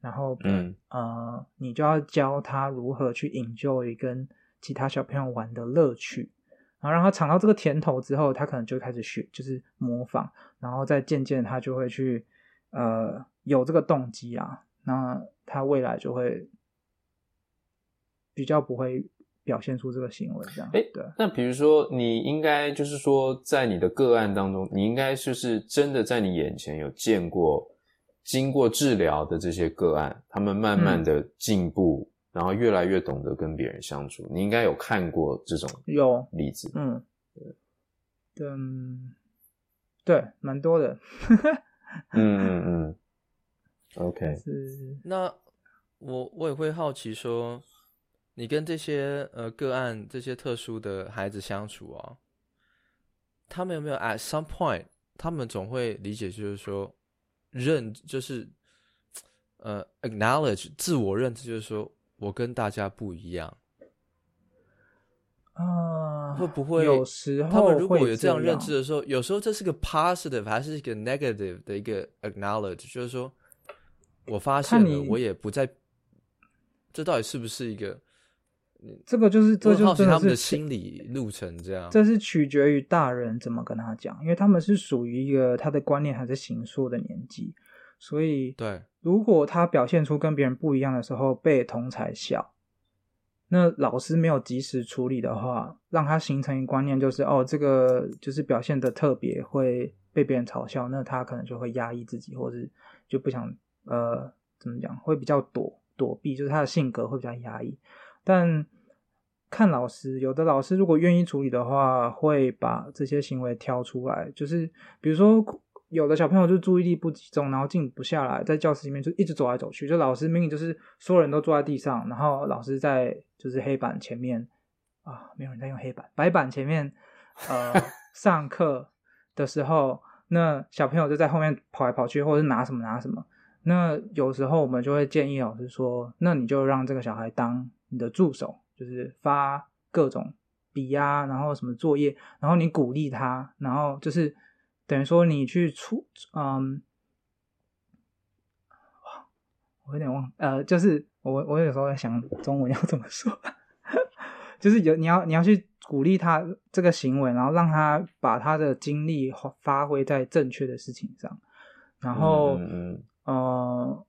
然後，嗯，呃，你就要教他如何去引誘一跟其他小朋友玩的樂趣，然後讓他嘗到這個甜頭之後，他可能就開始學，就是模仿，然後再漸漸他就會去，呃，有這個動機啊，那他未來就會比較不會。表現出這個行為，這樣。哎、欸，對。那比如說，你應該就是說，在你的個案當中，你應該就是真的在你眼前有見過，經過治療的這些個案，他們慢慢的進步、嗯，然後越來越懂得跟別人相處。你應該有看過這種例子？有。例、嗯、子。嗯。對。對，蠻多的。 嗯嗯嗯。OK。那我我也會好奇說。你跟這些呃個案、這些特殊的孩子相處啊，他們有沒有？At some point，他們總會理解，就是說認，就是呃，acknowledge 自我認知，就是說我跟大家不一樣啊。Uh, 會不會有時候他們如果有這樣認知的時候，有時候這是個 positive 還是一個 negative 的一個 acknowledge？就是說我發現了，我也不再。這到底是不是一個？這個就是，這就真的是他們的心理路程這樣。這是取決於大人怎麼跟他講，因為他們是屬於一個他的觀念還在形塑的年紀，所以對，如果他表現出跟別人不一樣的時候被同儕笑，那老師沒有及時處理的話，讓他形成一個觀念就是哦，這個就是表現得特別會被別人嘲笑，那他可能就會壓抑自己，或者是就不想呃怎麼講，會比較躲躲避，就是他的性格會比較壓抑。但看老師，有的老師如果願意處理的話，會把這些行為挑出來。就是比如說，有的小朋友就注意力不集中，然後靜不下來，在教室裡面就一直走來走去。就老師明明就是所有人都坐在地上，然後老師在就是黑板前面啊，沒有人在用黑板、白板前面呃 上課的時候，那小朋友就在後面跑來跑去，或者是拿什麼拿什麼。那有時候我們就會建議老師說：“那你就讓這個小孩當你的助手，就是發各種筆呀，然後什麼作業，然後你鼓勵他，然後就是等於說你去出，嗯，我有點忘，呃，就是我我有時候在想中文要怎麼說，呵呵，就是有，你要你要去鼓勵他這個行為，然後讓他把他的精力發揮在正確的事情上，然後。嗯”哦、uh,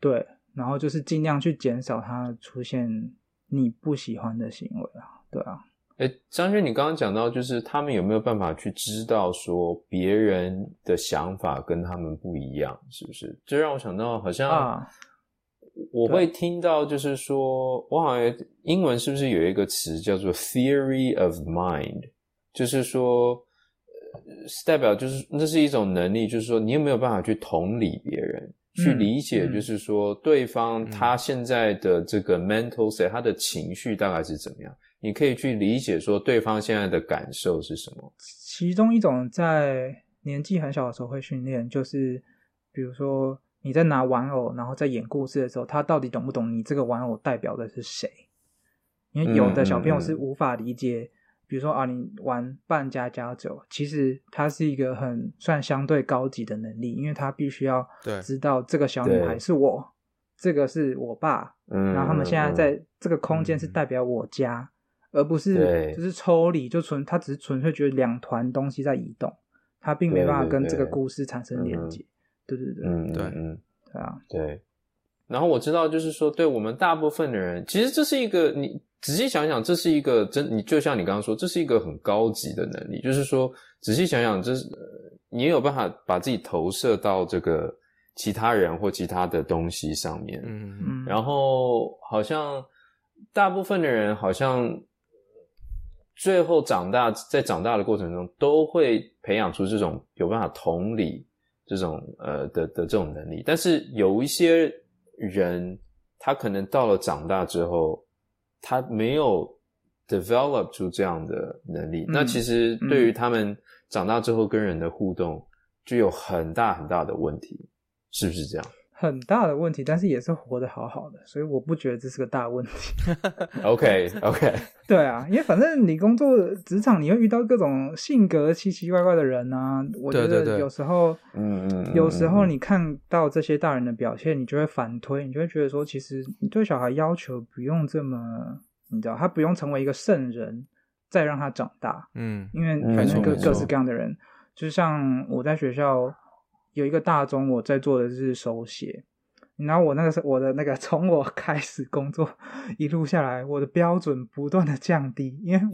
對，然後就是盡量去減少他出現你不喜歡的行為啊，對啊。哎，張軒你剛剛講到，就是他們有沒有辦法去知道說別人的想法跟他們不一樣，是不是？這讓我想到好像，我會聽到就是說、uh, 我好像英文是不是有一個詞叫做 theory of mind，就是說。代表就是那是一種能力，就是說你有沒有辦法去同理別人，嗯、去理解，就是說、嗯、對方他現在的這個 mental state，嗯，他的情緒大概是怎麼樣？你可以去理解說對方現在的感受是什麼？其中一種在年紀很小的時候會訓練，就是比如說你在拿玩偶，然後在演故事的時候，他到底懂不懂你這個玩偶代表的是誰？因為有的小朋友是無法理解。嗯嗯比如說啊，你玩扮家家酒，其實它是一個很算相對高級的能力，因為它必須要知道這個小女孩是我，這個是我爸、嗯，然後他們現在在這個空間是代表我家、嗯嗯，而不是就是抽離，就純他只是純粹覺得兩團東西在移動，他並沒辦法跟這個故事產生連接、嗯。對對對，嗯，對，嗯，對啊，對。然後我知道，就是說，對我們大部分的人，其實這是一個你。仔細想想，這是一個真你就像你剛剛說，這是一個很高級的能力，就是說仔細想想這，這、呃、是你有辦法把自己投射到這個其他人或其他的東西上面。嗯嗯。然後好像大部分的人好像最後長大，在長大的過程中都會培養出這種有辦法同理這種呃的的、的這種能力，但是有一些人他可能到了長大之後。他沒有 develop 出這樣的能力，嗯，那其實對於他們長大之後跟人的互動就有很大很大的問題，是不是這樣？很大的問題，但是也是活得好好的，所以我不覺得這是個大問題。 OK OK，對啊，因為反正你工作職場，你會遇到各種性格奇奇怪怪的人啊。我覺得有時候對對對，嗯，有時候你看到這些大人的表現，你就會反推，你就會覺得說，其實你對小孩要求不用這麼，你知道，他不用成為一個聖人再讓他長大。嗯，因為反正各各式各，各樣的人，就像我在學校。有一個大中，我在做的就是手寫。然後我那個是我的那個，從我開始工作一路下來，我的標準不斷的降低，因為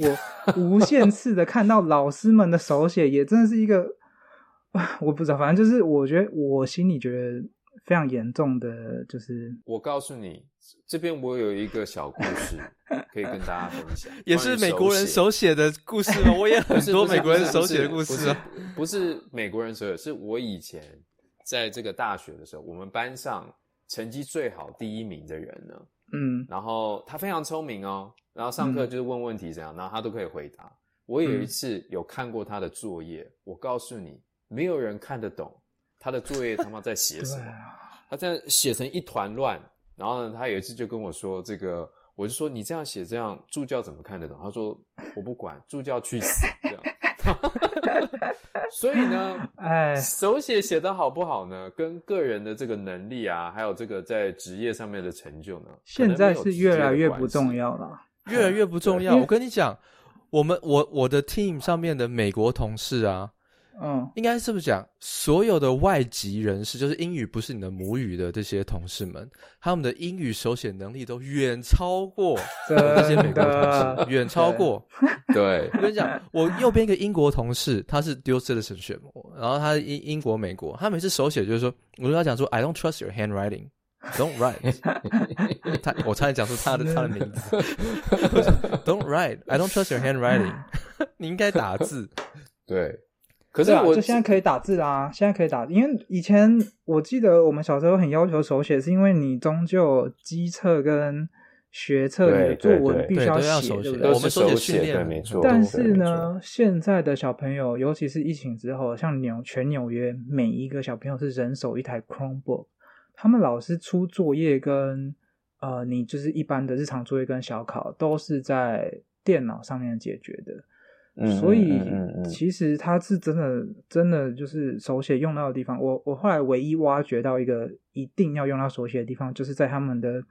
我無限次的看到老師們的手寫，也真的是一個，我不知道，反正就是我覺得我心裡覺得。非常嚴重的，就是我告訴你，這邊我有一個小故事可以跟大家分享，也是美國人手寫的故事，喔。我也很多美國人手寫的故事，不是美國人手寫，是我以前在這個大學的時候，我們班上成績最好第一名的人呢，嗯，然後他非常聰明哦，喔，然後上課就是問問題怎樣，嗯，然後他都可以回答。我有一次有看過他的作業，嗯，我告訴你，沒有人看得懂。他的作業他媽在寫什麼、 啊？他在寫成一團亂。然後呢，他有一次就跟我說：“這個，我就說你這樣寫，這樣助教怎麼看得懂？”他說：“我不管， 助教去死。”這樣。 所以呢，哎，手寫寫得好不好呢？跟個人的這個能力啊，還有這個在職業上面的成就呢，現在是越來越不重要了，越來越不重要。啊、我跟你講，我們我我的 team 上面的美國同事啊。嗯，應該是不是講所有的外籍人士，就是英語不是你的母語的這些同事們，他們的英語手寫能力都遠超過那些美國同事，遠 超過。對，對我跟你講，我右邊一個英國同事，他是 dual citizenship 然後他是英英國美國，他每次手寫就是說，我跟他講說，I don't trust your handwriting，don't write 他。他我差點講出他的 他的名字 不是，don't write，I don't trust your handwriting， 你應該打字。對。可是,我是，我就現在可以打字啦、啊，現在可以打字。因為以前我記得我們小時候很要求手寫，是因為你終究基測跟學測你的作文必須要寫，對不對,對？我們都,都手寫，沒錯但是呢、嗯，現在的小朋友，尤其是疫情之後，像紐全紐約，每一個小朋友是人手一台 Chromebook，他們老師出作業跟呃，你就是一般的日常作業跟小考，都是在電腦上面解決的。所以其實他是真的，真的就是手寫用到的地方。我我後來唯一挖掘到一個一定要用到手寫的地方，就是在他們的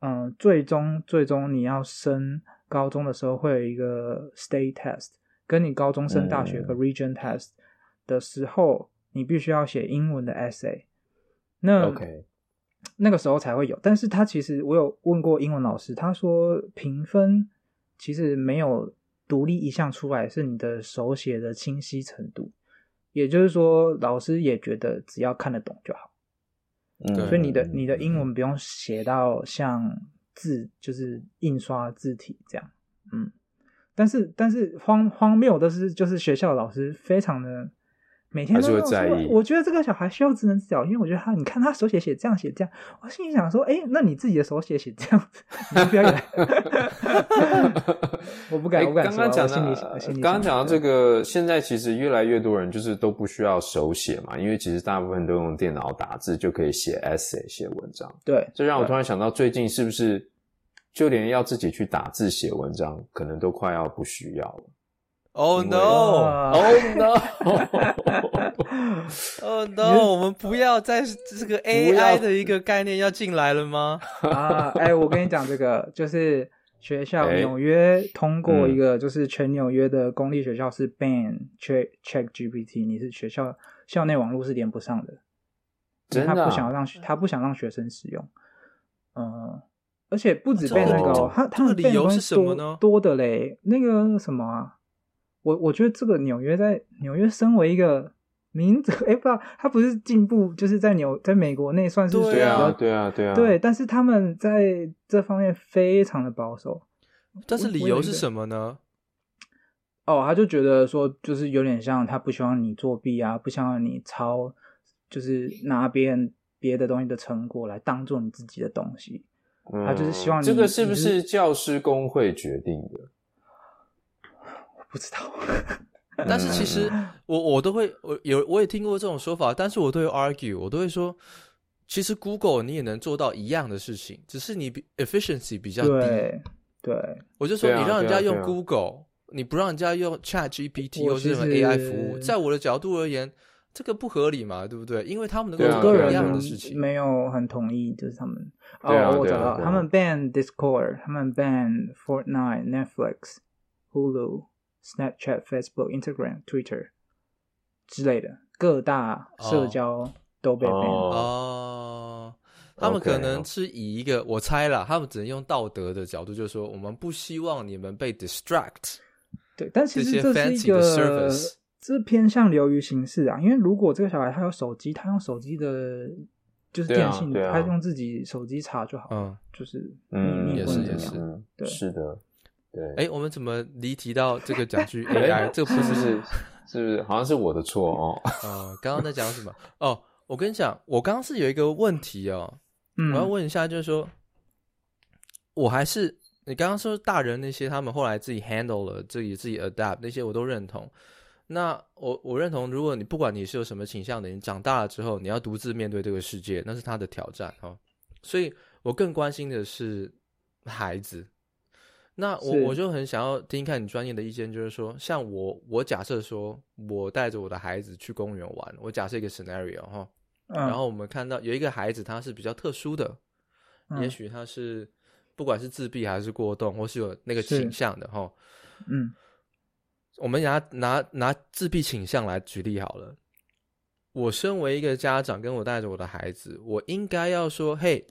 嗯，最終最終你要升高中的時候，會有一個 state test，跟你高中升大學個 region、嗯、test 的時候，你必須要寫英文的 essay 那。那、okay. 那個時候才會有，但是他其實我有問過英文老師，他說評分其實沒有。獨立一項出來是你的手寫的清晰程度，也就是說，老師也覺得只要看得懂就好。嗯，所以你的你的英文不用寫到像字、嗯、就是印刷字體這樣。嗯，但是但是荒荒謬的是就是學校老師非常的。每天都還是會在意。我覺得這個小孩需要職能治療，因為我覺得他，你看他手寫寫這樣寫這樣，我心裡想說，哎、欸，那你自己的手寫寫這樣，哈哈哈我不敢，欸、我不敢說。剛剛講到，剛剛講到這個，現在其實越來越多人就是都不需要手寫嘛，因為其實大部分都用電腦打字就可以寫 essay 寫文章。對，這讓我突然想到，最近是不是就連要自己去打字寫文章，可能都快要不需要了。Oh no! Oh no! oh no! 我們不要再，這個 AI 的一個概念要進來了嗎？ 啊，哎、欸，我跟你講，這個就是學校紐約通過一個，就是全紐約的公立學校是 ban、嗯、check check GPT，你是學校校內網絡是連不上的。真的？他不想讓他不想讓學生使用。嗯、呃，而且不止被、啊這個、那、啊這個，他他的、這個這個、理由是什麼呢？多的嘞、啊，那個什麼啊？我我覺得這個紐約在紐約，身為一個民族，誒、欸，不，他不是進步，就是在紐，在美國內算是對啊，對啊，對啊，對。但是他們在這方面非常的保守，但是理由是什麼呢？哦，他就覺得說，就是有點像他不希望你作弊啊，不希望你抄，就是拿別人別的東西的成果來當做你自己的東西。嗯、他就是希望你。這個是不是教師工會決定的？不知道，但是其實我我都會我有我也聽過這種說法，但是我都有 argue 我都會說，其實 Google 你也能做到一樣的事情，只是你 efficiency 比較低。對，對我就說你讓人家用 Google，啊啊啊、你不讓人家用 Chat GPT 或者什麼 AI 服務，就是，在我的角度而言，這個不合理嘛，對不對？因為他們能做到一樣的事情、啊啊啊啊、沒有很同意，就是他們、啊啊啊、哦，我找到他們 ban Discord，他們 ban Fortnite，Netflix，Hulu。Snapchat Facebook,、Facebook、Instagram、Twitter 之類的各大社交都被封哦。Oh. Oh. Oh. Okay. 他們可能是以一個我猜了，他們只能用道德的角度，就是說我們不希望你們被 distract。對，但其實這是一個，這偏向流於形式啊。因為如果這個小孩他有手機，他用手機的，就是電信，啊啊、他用自己手機查就好、嗯，就是嗯，也是也是對，是的。對，哎、欸，我們怎麼離題到這個講句 AI？ 欸、這個不是 是不是好像是我的錯哦？啊、 呃，剛剛在講什麼？哦，我跟你講，我剛剛是有一個問題哦，嗯、我要問一下，就是說，我還是你剛剛說大人那些，他們後來自己 handle 了，自己自己 adapt 那些，我都認同。那我我認同，如果你不管你是有什麼傾向的，你長大了之後你要獨自面對這個世界，那是他的挑戰哦。所以我更關心的是孩子。那我我就很想要聽看你專業的意見，就是說，像我我假設說，我帶着我的孩子去公園玩，我假設一個 scenario 哈，然後我們看到有一個孩子他是比較特殊的，也許他是不管是自閉還是過動，或是有那個傾向的哈，我們拿拿拿自閉傾向來舉例好了，我身為一個家長，跟我帶着我的孩子，我應該要說，嘿。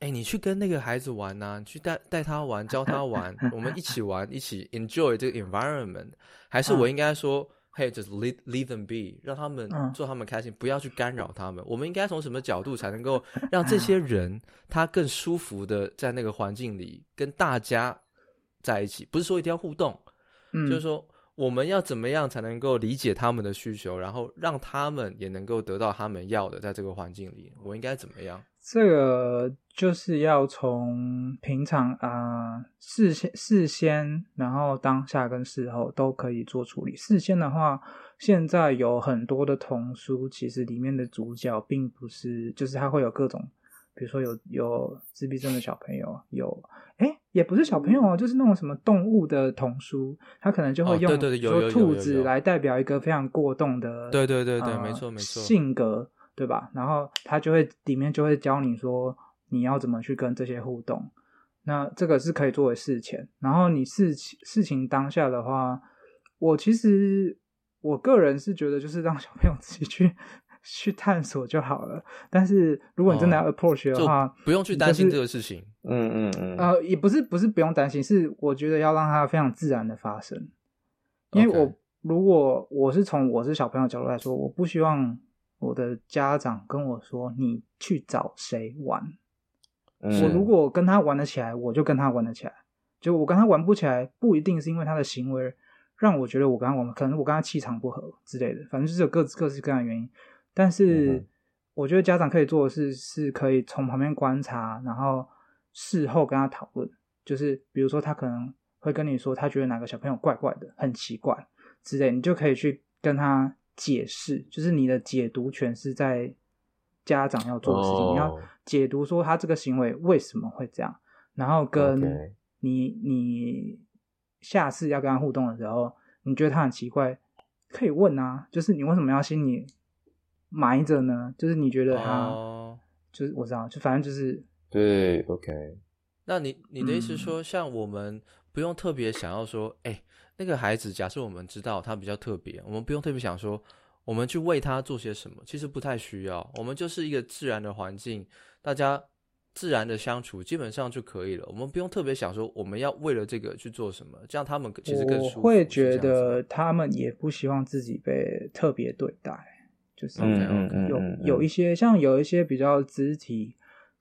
哎，你去跟那個孩子玩吶、啊，去帶帶他玩，教他玩， 我們一起玩，一起 enjoy 這個 environment。還是我應該說，嘿，just leave leave them be，讓他們、uh, 做他們開心，不要去干擾他們。我們應該從什麼角度才能夠讓這些人他更舒服的在那個環境裡跟大家在一起？不是說一定要互動，嗯、就是說我們要怎麼樣才能夠理解他們的需求，然後讓他們也能夠得到他們要的，在這個環境裡，我應該怎麼樣？這個就是要從平常啊、呃，事先、事先，然後當下跟事後都可以做處理。事先的話，現在有很多的童書，其實裡面的主角並不是，就是他會有各種，比如說有有自閉症的小朋友，有，哎，也不是小朋友啊、哦，就是那種什麼動物的童書，他可能就會用說兔子來代表一個非常過動的，哦、對、對、對對對對，沒錯沒錯，性格。對吧？然後他就會裡面就會教你說你要怎麼去跟這些互動。那這個是可以作為事前。然後你事事情當下的話，我其實我個人是覺得就是讓小朋友自己去去探索就好了。但是如果你真的要 approach 的話，哦、不用去擔心這個事情。就是、嗯嗯嗯。呃，也不是不是不用擔心，是我覺得要讓它非常自然的發生。因為我、Okay. 如果我是從我是小朋友的角度來說，我不希望。我的家長跟我說：“你去找誰玩？嗯。我如果跟他玩得起來，我就跟他玩得起來；就我跟他玩不起來，不一定是因為他的行為讓我覺得我跟他玩，可能我跟他氣場不合之類的。反正就是有各自各式各樣的原因。但是我覺得家長可以做的事，是可以從旁邊觀察，然後事後跟他討論。就是比如說，他可能會跟你說，他覺得哪個小朋友怪怪的，很奇怪之類，你就可以去跟他。”解釋，就是你的解讀權是在家長要做的事情，oh. 你要解讀說他這個行為為什麼會這樣，然後跟你、okay. 你下次要跟他互動的時候，你覺得他很奇怪，可以問啊，就是你為什麼要心裡埋着呢？就是你覺得他、oh. 就是我知道，就反正就是對，OK。那你你的意思說、嗯，像我們不用特別想要說，哎。那個孩子，假設我們知道他比較特別，我們不用特別想說，我們去為他做些什麼，其實不太需要。我們就是一個自然的環境，大家自然的相處，基本上就可以了。我們不用特別想說，我們要為了這個去做什麼，這樣他們其實更舒服是。我會覺得他們也不希望自己被特別對待，就是有嗯嗯嗯嗯有，有一些像有一些比較肢體。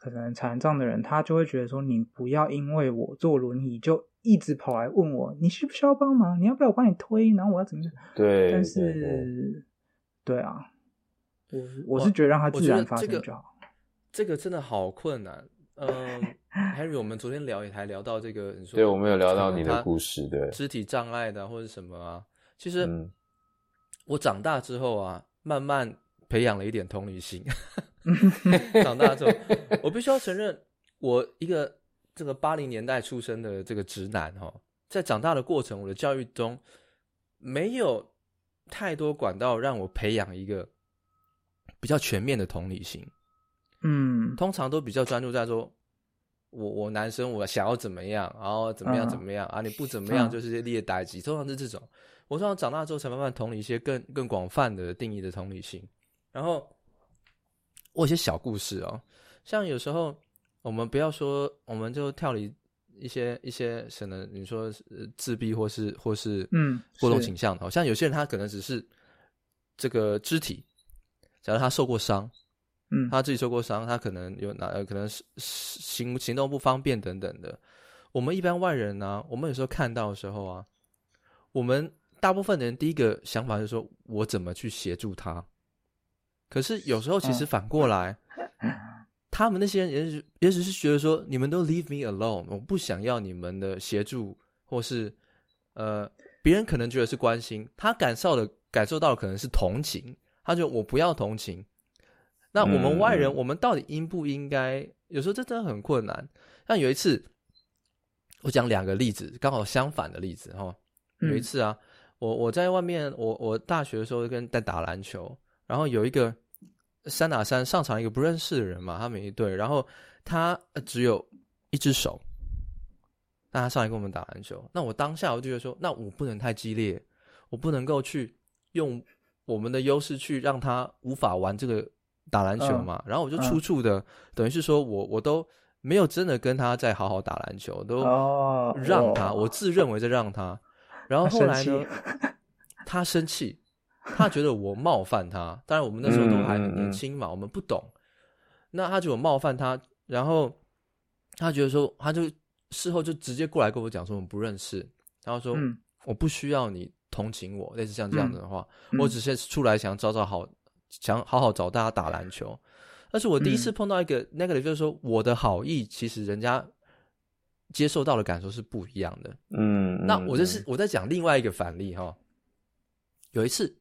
可能殘障的人，他就會覺得說：“你不要因為我坐輪椅就一直跑來問我，你需不需要幫忙？你要不要我幫你推？然後我要怎麼樣？”對，但是對，對，對，對啊，我是我，我是覺得讓他自然發生就好、這個。這個真的好困難。呃 ，Henry，我們昨天聊也還聊到這個，你說 對，我們沒有聊到你的故事，對，肢體障礙的或者什麼啊？其實、嗯、我長大之後啊，慢慢。培養了一點同理心 ， 長大之後，我必須要承認，我一個這個八零年代出生的這個直男哈，在長大的過程，我的教育中沒有太多管道讓我培養一個比較全面的同理心。嗯，通常都比較專注在說我，我我男生我想要怎麼樣，然後怎麼樣怎麼樣、嗯、啊，你不怎麼樣就是劣等階級，嗯，通常是這種。我通常長大之後才慢慢同理一些更更廣泛的定義的同理心。然後，我有些小故事哦，像有時候我們不要說，我們就跳離一些一些什麼，你說、呃、自閉或是或是嗯過動傾向的、哦、好、嗯、像有些人他可能只是這個肢體，假如他受過傷，嗯，他自己受過傷，他可能有哪、呃、可能是行行動不方便等等的。我們一般外人呢、啊，我們有時候看到的時候啊，我們大部分人第一個想法就是說，我怎麼去協助他。可是有時候，其實反過來、嗯，他們那些人也許也許是覺得說，你們都 leave me alone，我不想要你們的協助，或是，呃，別人可能覺得是關心，他感受的感受到的可能是同情，他就我不要同情。那我們外人、嗯，我們到底應不應該？有時候這真的很困難。但有一次，我講兩個例子，剛好相反的例子哈、哦。有一次啊，嗯、我我在外面，我我大學的時候跟在打籃球。然後有一個三打三，上場一個不認識的人嘛，他們一隊，然後他只有一只手，讓他上來跟我們打籃球。那我當下我就覺得說，那我不能太激烈，我不能夠去用我們的優勢去讓他無法玩這個打籃球嘛。嗯、然後我就處處的、嗯、等於是說我，我都沒有真的跟他在好好打籃球，都讓他、哦哦，我自認為在讓他。然後後來呢，他生氣。 他覺得我冒犯他，當然我們那時候都還很年輕嘛，嗯嗯、我們不懂。那他覺得我冒犯他，然後他覺得說，他就事後就直接過來跟我講說我們不認識，然後說我不需要你同情我，嗯、類似像這樣子的話、嗯，我只是出來想找找好，想好好找大家打籃球。但是我第一次碰到一個那個，就是說我的好意，其實人家接受到的感受是不一樣的。嗯，嗯那我就是我在講另外一個反例哈、哦，有一次。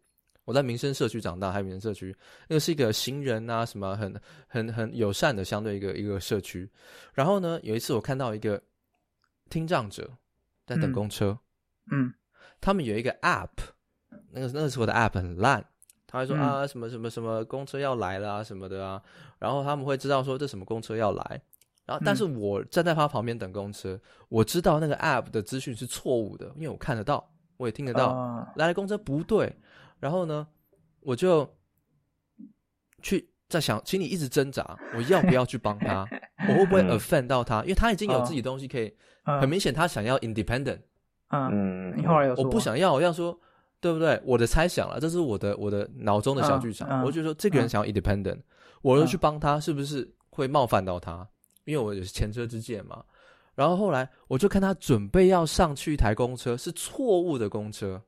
我在民生社區長大，還有民生社區，那個是一個行人啊，什麼很很很友善的相對一個一個社區。然後呢，有一次我看到一個聽障者在等公車，嗯，嗯他們有一個 app，那個那個時候的 app 很爛，他會說、嗯、啊什麼什麼什麼公車要來了、啊、什麼的啊。然後他們會知道說這什麼公車要來，然後、嗯、但是我站在他旁邊等公車，我知道那個 app 的資訊是錯誤的，因為我看得到，我也聽得到，哦、來了公車不對。然後呢，我就去在想，請你一直掙扎，我要不要去幫他？ 我會不會 offend 到他？因為他已經有自己東西可以，oh, uh, 很明顯，他想要 independent, uh。嗯，一會有，我不想要，我要說對不對？我的猜想了，這是我的我的腦中的小劇場。Uh, uh, 我就說，這個人想要 independent，uh, 我要去幫他，是不是會冒犯到他？Uh, 因為我也是前車之鑑嘛。然後後來，我就看他準備要上去一台公車，是錯誤的公車。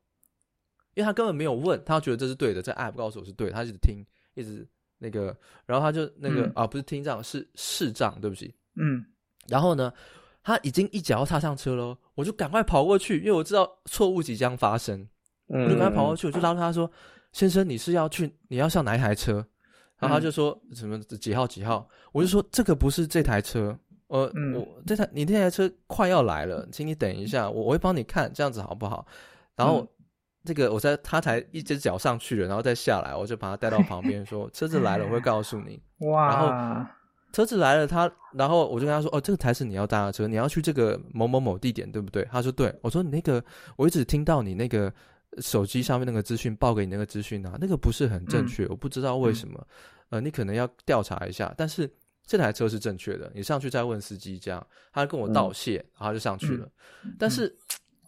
因為他根本沒有問，他覺得這是對的，在 App 告訴我是對的，他一直聽，一直那個，然後他就那個、嗯、啊，不是聽障，是視障，對不起，嗯，然後呢，他已經一腳要踏上車了，我就趕快跑過去，因為我知道錯誤即將發生，嗯，我就趕快跑過去，我就拉他說，先生，你是要去，你要上哪一台車？嗯、然後他就說什麼幾號幾號，我就說，這個不是這台車，呃，嗯、我這台你那台車快要來了，請你等一下，我我會幫你看，這樣子好不好？然後。嗯這個我在他抬一隻腳上去了，然後再下來，我就把他帶到旁邊說：“車子來了，我會告訴你。”哇！然後車子來了，他然後我就跟他說：“哦，這個才是你要搭的車，你要去這個某某某地點，對不對？”他說：“對。”我說：“你那個我一直聽到你那個手機上面那個資訊報給你那個資訊啊，那個不是很正確，我不知道為什麼。呃，你可能要調查一下。但是這台車是正確的，你上去再問司機這樣。”他跟我道謝，然後就上去了。但是。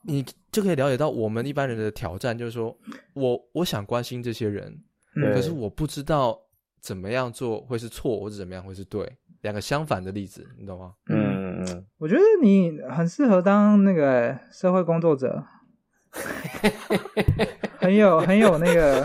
你就可以了解到，我們一般人的挑戰就是說，我我想關心這些人、嗯，可是我不知道怎麼樣做會是錯，或者怎麼樣會是對，兩個相反的例子，你懂嗎？嗯，我覺得你很適合當那個社會工作者， 很有很有那個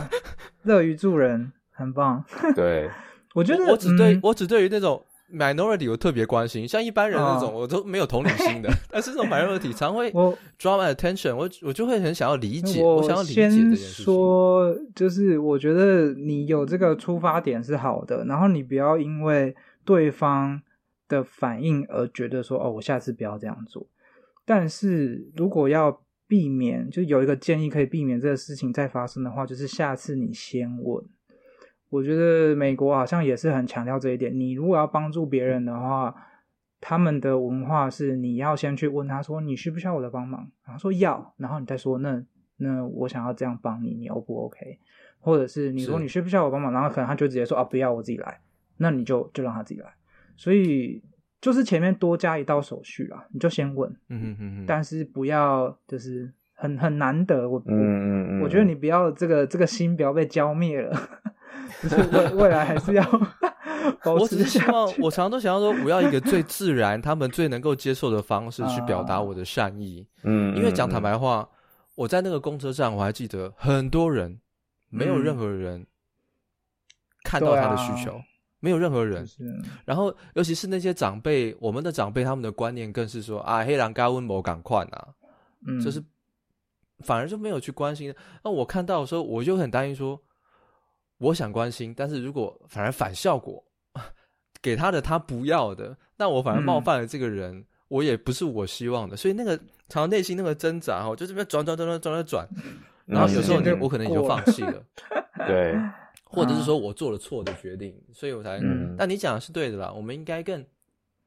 樂於助人，很棒。對， 我覺得我，我只對、嗯、我只對於那種。Minority 我特別關心，像一般人那種、哦、我都沒有同理心的。 但是這種 minority 常會 draw my attention，我我，我就會很想要理解。我想要理解，先說，就是我覺得你有這個出發點是好的，然後你不要因為對方的反應而覺得說，哦，我下次不要這樣做。但是如果要避免，就有一個建議可以避免這個事情再發生的話，就是下次你先問。我覺得美國好像也是很強調這一點。你如果要幫助別人的話，他們的文化是你要先去問他說，你需不需要我的幫忙。然後說要，然後你再說，那那我想要這樣幫你，你 O 不 OK？或者是你說你需不需要我幫忙，然後可能他就直接說啊不要，我自己來。那你就就讓他自己來。所以就是前面多加一道手續啊，你就先問。嗯嗯嗯。但是不要就是很很難得，我嗯嗯嗯，我覺得你不要這個這個心不要被澆滅了。 是未未來還是要保持， 我只是希望，我常常都想要說，我要一個最自然、 他們最能夠接受的方式去表達我的善意。啊、嗯、嗯，因為講坦白話，我在那個公車上，我還記得很多人，沒有任何人看到他的需求，嗯、沒有任何人。啊、然後，尤其是那些長輩，我們的長輩他們的觀念更是說啊，黑狼該溫某趕快吶，就、嗯、是反而就沒有去關心。那我看到的時候，我就很擔心說。我想關心，但是如果反而反效果，給他的他不要的，那我反而冒犯了這個人、嗯，我也不是我希望的，所以那個從內心那個掙扎哈，我就這邊轉轉轉轉轉轉轉，然後有時候你、嗯、我可能也就放棄了， 對，或者是說我做了錯的決定、啊，所以我才，嗯、但你講的是對的啦，我們應該更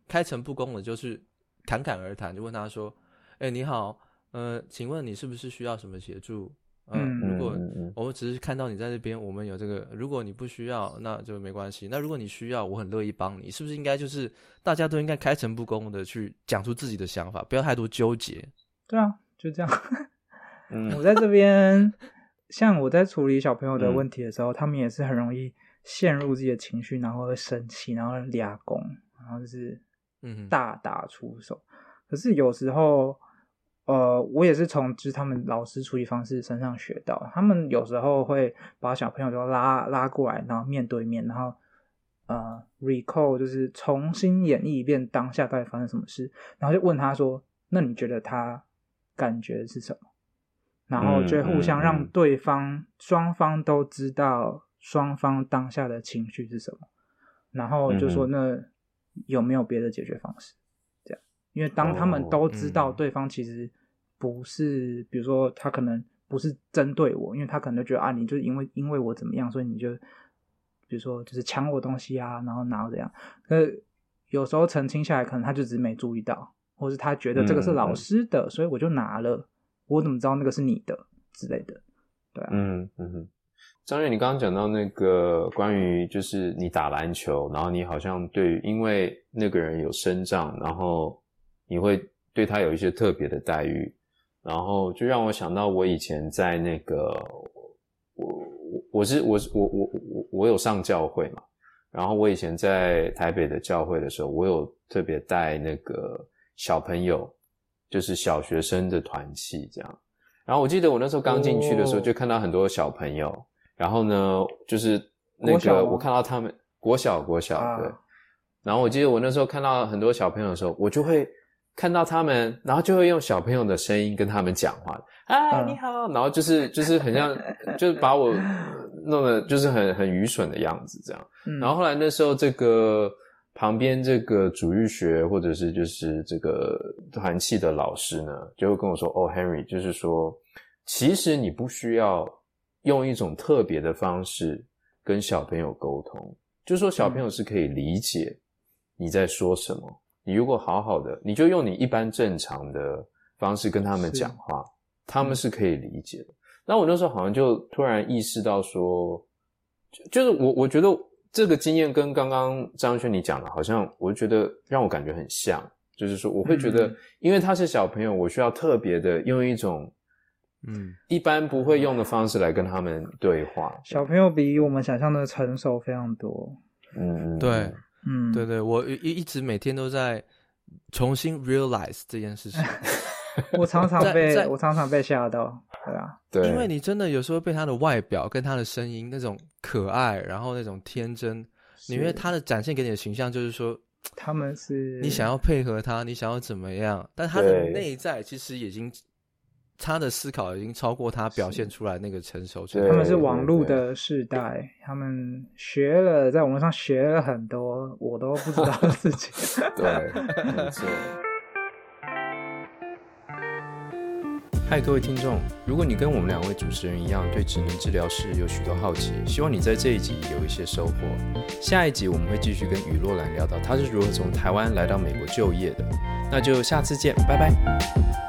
開誠布公的，就是侃侃而談，就問他說：“哎、欸，你好，呃，請問你是不是需要什麼協助？”嗯，如果、嗯、我們只是看到你在這邊，我們有這個，如果你不需要，那就沒關係。那如果你需要，我很樂意幫你。是不是應該就是大家都應該開誠布公的去講出自己的想法，不要太多糾結。對啊，就這樣。 嗯，我在這邊， 像我在處理小朋友的問題的時候、嗯，他們也是很容易陷入自己的情緒，然後會生氣，然後拉弓，然後就是嗯大打出手、嗯。可是有時候。呃，我也是從就是他們老師處理方式身上學到，他們有時候會把小朋友都拉拉過來，然後面對面，然後呃，recall 就是重新演繹一遍當下到底發生什麼事，然後就問他說：“那你覺得他感覺是什麼？”然後就互相讓對方雙方都知道雙方當下的情緒是什麼，然後就說：“那有沒有別的解決方式？”這樣，因為當他們都知道對方其實。不是，比如說他可能不是針對我，因為他可能就覺得啊，你就因為因為我怎麼樣，所以你就比如說就是搶我東西啊，然後拿我這樣。可是有時候澄清下來，可能他就只是沒注意到，或是他覺得這個是老師的，嗯、所以我就拿了、嗯，我怎麼知道那個是你的之類的？對、啊，嗯嗯嗯，張瑞，你剛剛講到那個關於就是你打籃球，然後你好像對於因為那個人有聲障，然後你會對他有一些特別的待遇。然後就讓我想到我以前在那個，我我我是我是我我我我有上教會嘛，然後我以前在台北的教會的時候，我有特別帶那個小朋友，就是小學生的團契這樣。然後我記得我那時候剛進去的時候，就看到很多小朋友，哦。然後呢，就是那個我看到他們國小國小，國小，啊，對。然後我記得我那時候看到很多小朋友的時候，我就會。看到他們，然後就會用小朋友的聲音跟他們講話，嗨、啊哎、你好，然後就是就是很像，就是把我弄得就是很很愚蠢的樣子這樣。嗯、然後後來那時候，這個旁邊這個主日學或者是就是這個團契的老師呢，就會跟我說，哦，Henry，就是說，其實你不需要用一種特別的方式跟小朋友溝通，就說小朋友是可以理解你在說什麼。嗯你如果好好的，你就用你一般正常的方式跟他們講話，他們是可以理解的，嗯。那我那時候好像就突然意識到說，就、就是我我覺得這個經驗跟剛剛張軒你講的，好像我覺得讓我感覺很像，就是說我會覺得，因為他是小朋友，嗯、我需要特別的用一種，嗯，一般不會用的方式來跟他們對話。嗯、小朋友比我們想象的成熟非常多。嗯，對。嗯，對對，我一一直每天都在重新 realize 這件事情， 我常常被我常常被嚇到，對啊，對，因為你真的有時候被他的外表跟他的聲音那種可愛，然後那種天真，你因為他的展現給你的形象就是說，他們是你想要配合他，你想要怎麼樣，但他的內在其實已經。他的思考已經超過他表現出來那個成熟。他們是網絡的世代，他們學了，在網絡上學了很多我都不知道的事情。對。嗨，各位聽眾，如果你跟我們兩位主持人一樣，對職能治療師有許多好奇，希望你在這一集有一些收穫。下一集我們會繼續跟宇洛藍聊到他是如何從台灣來到美國就業的。那就下次見，拜拜。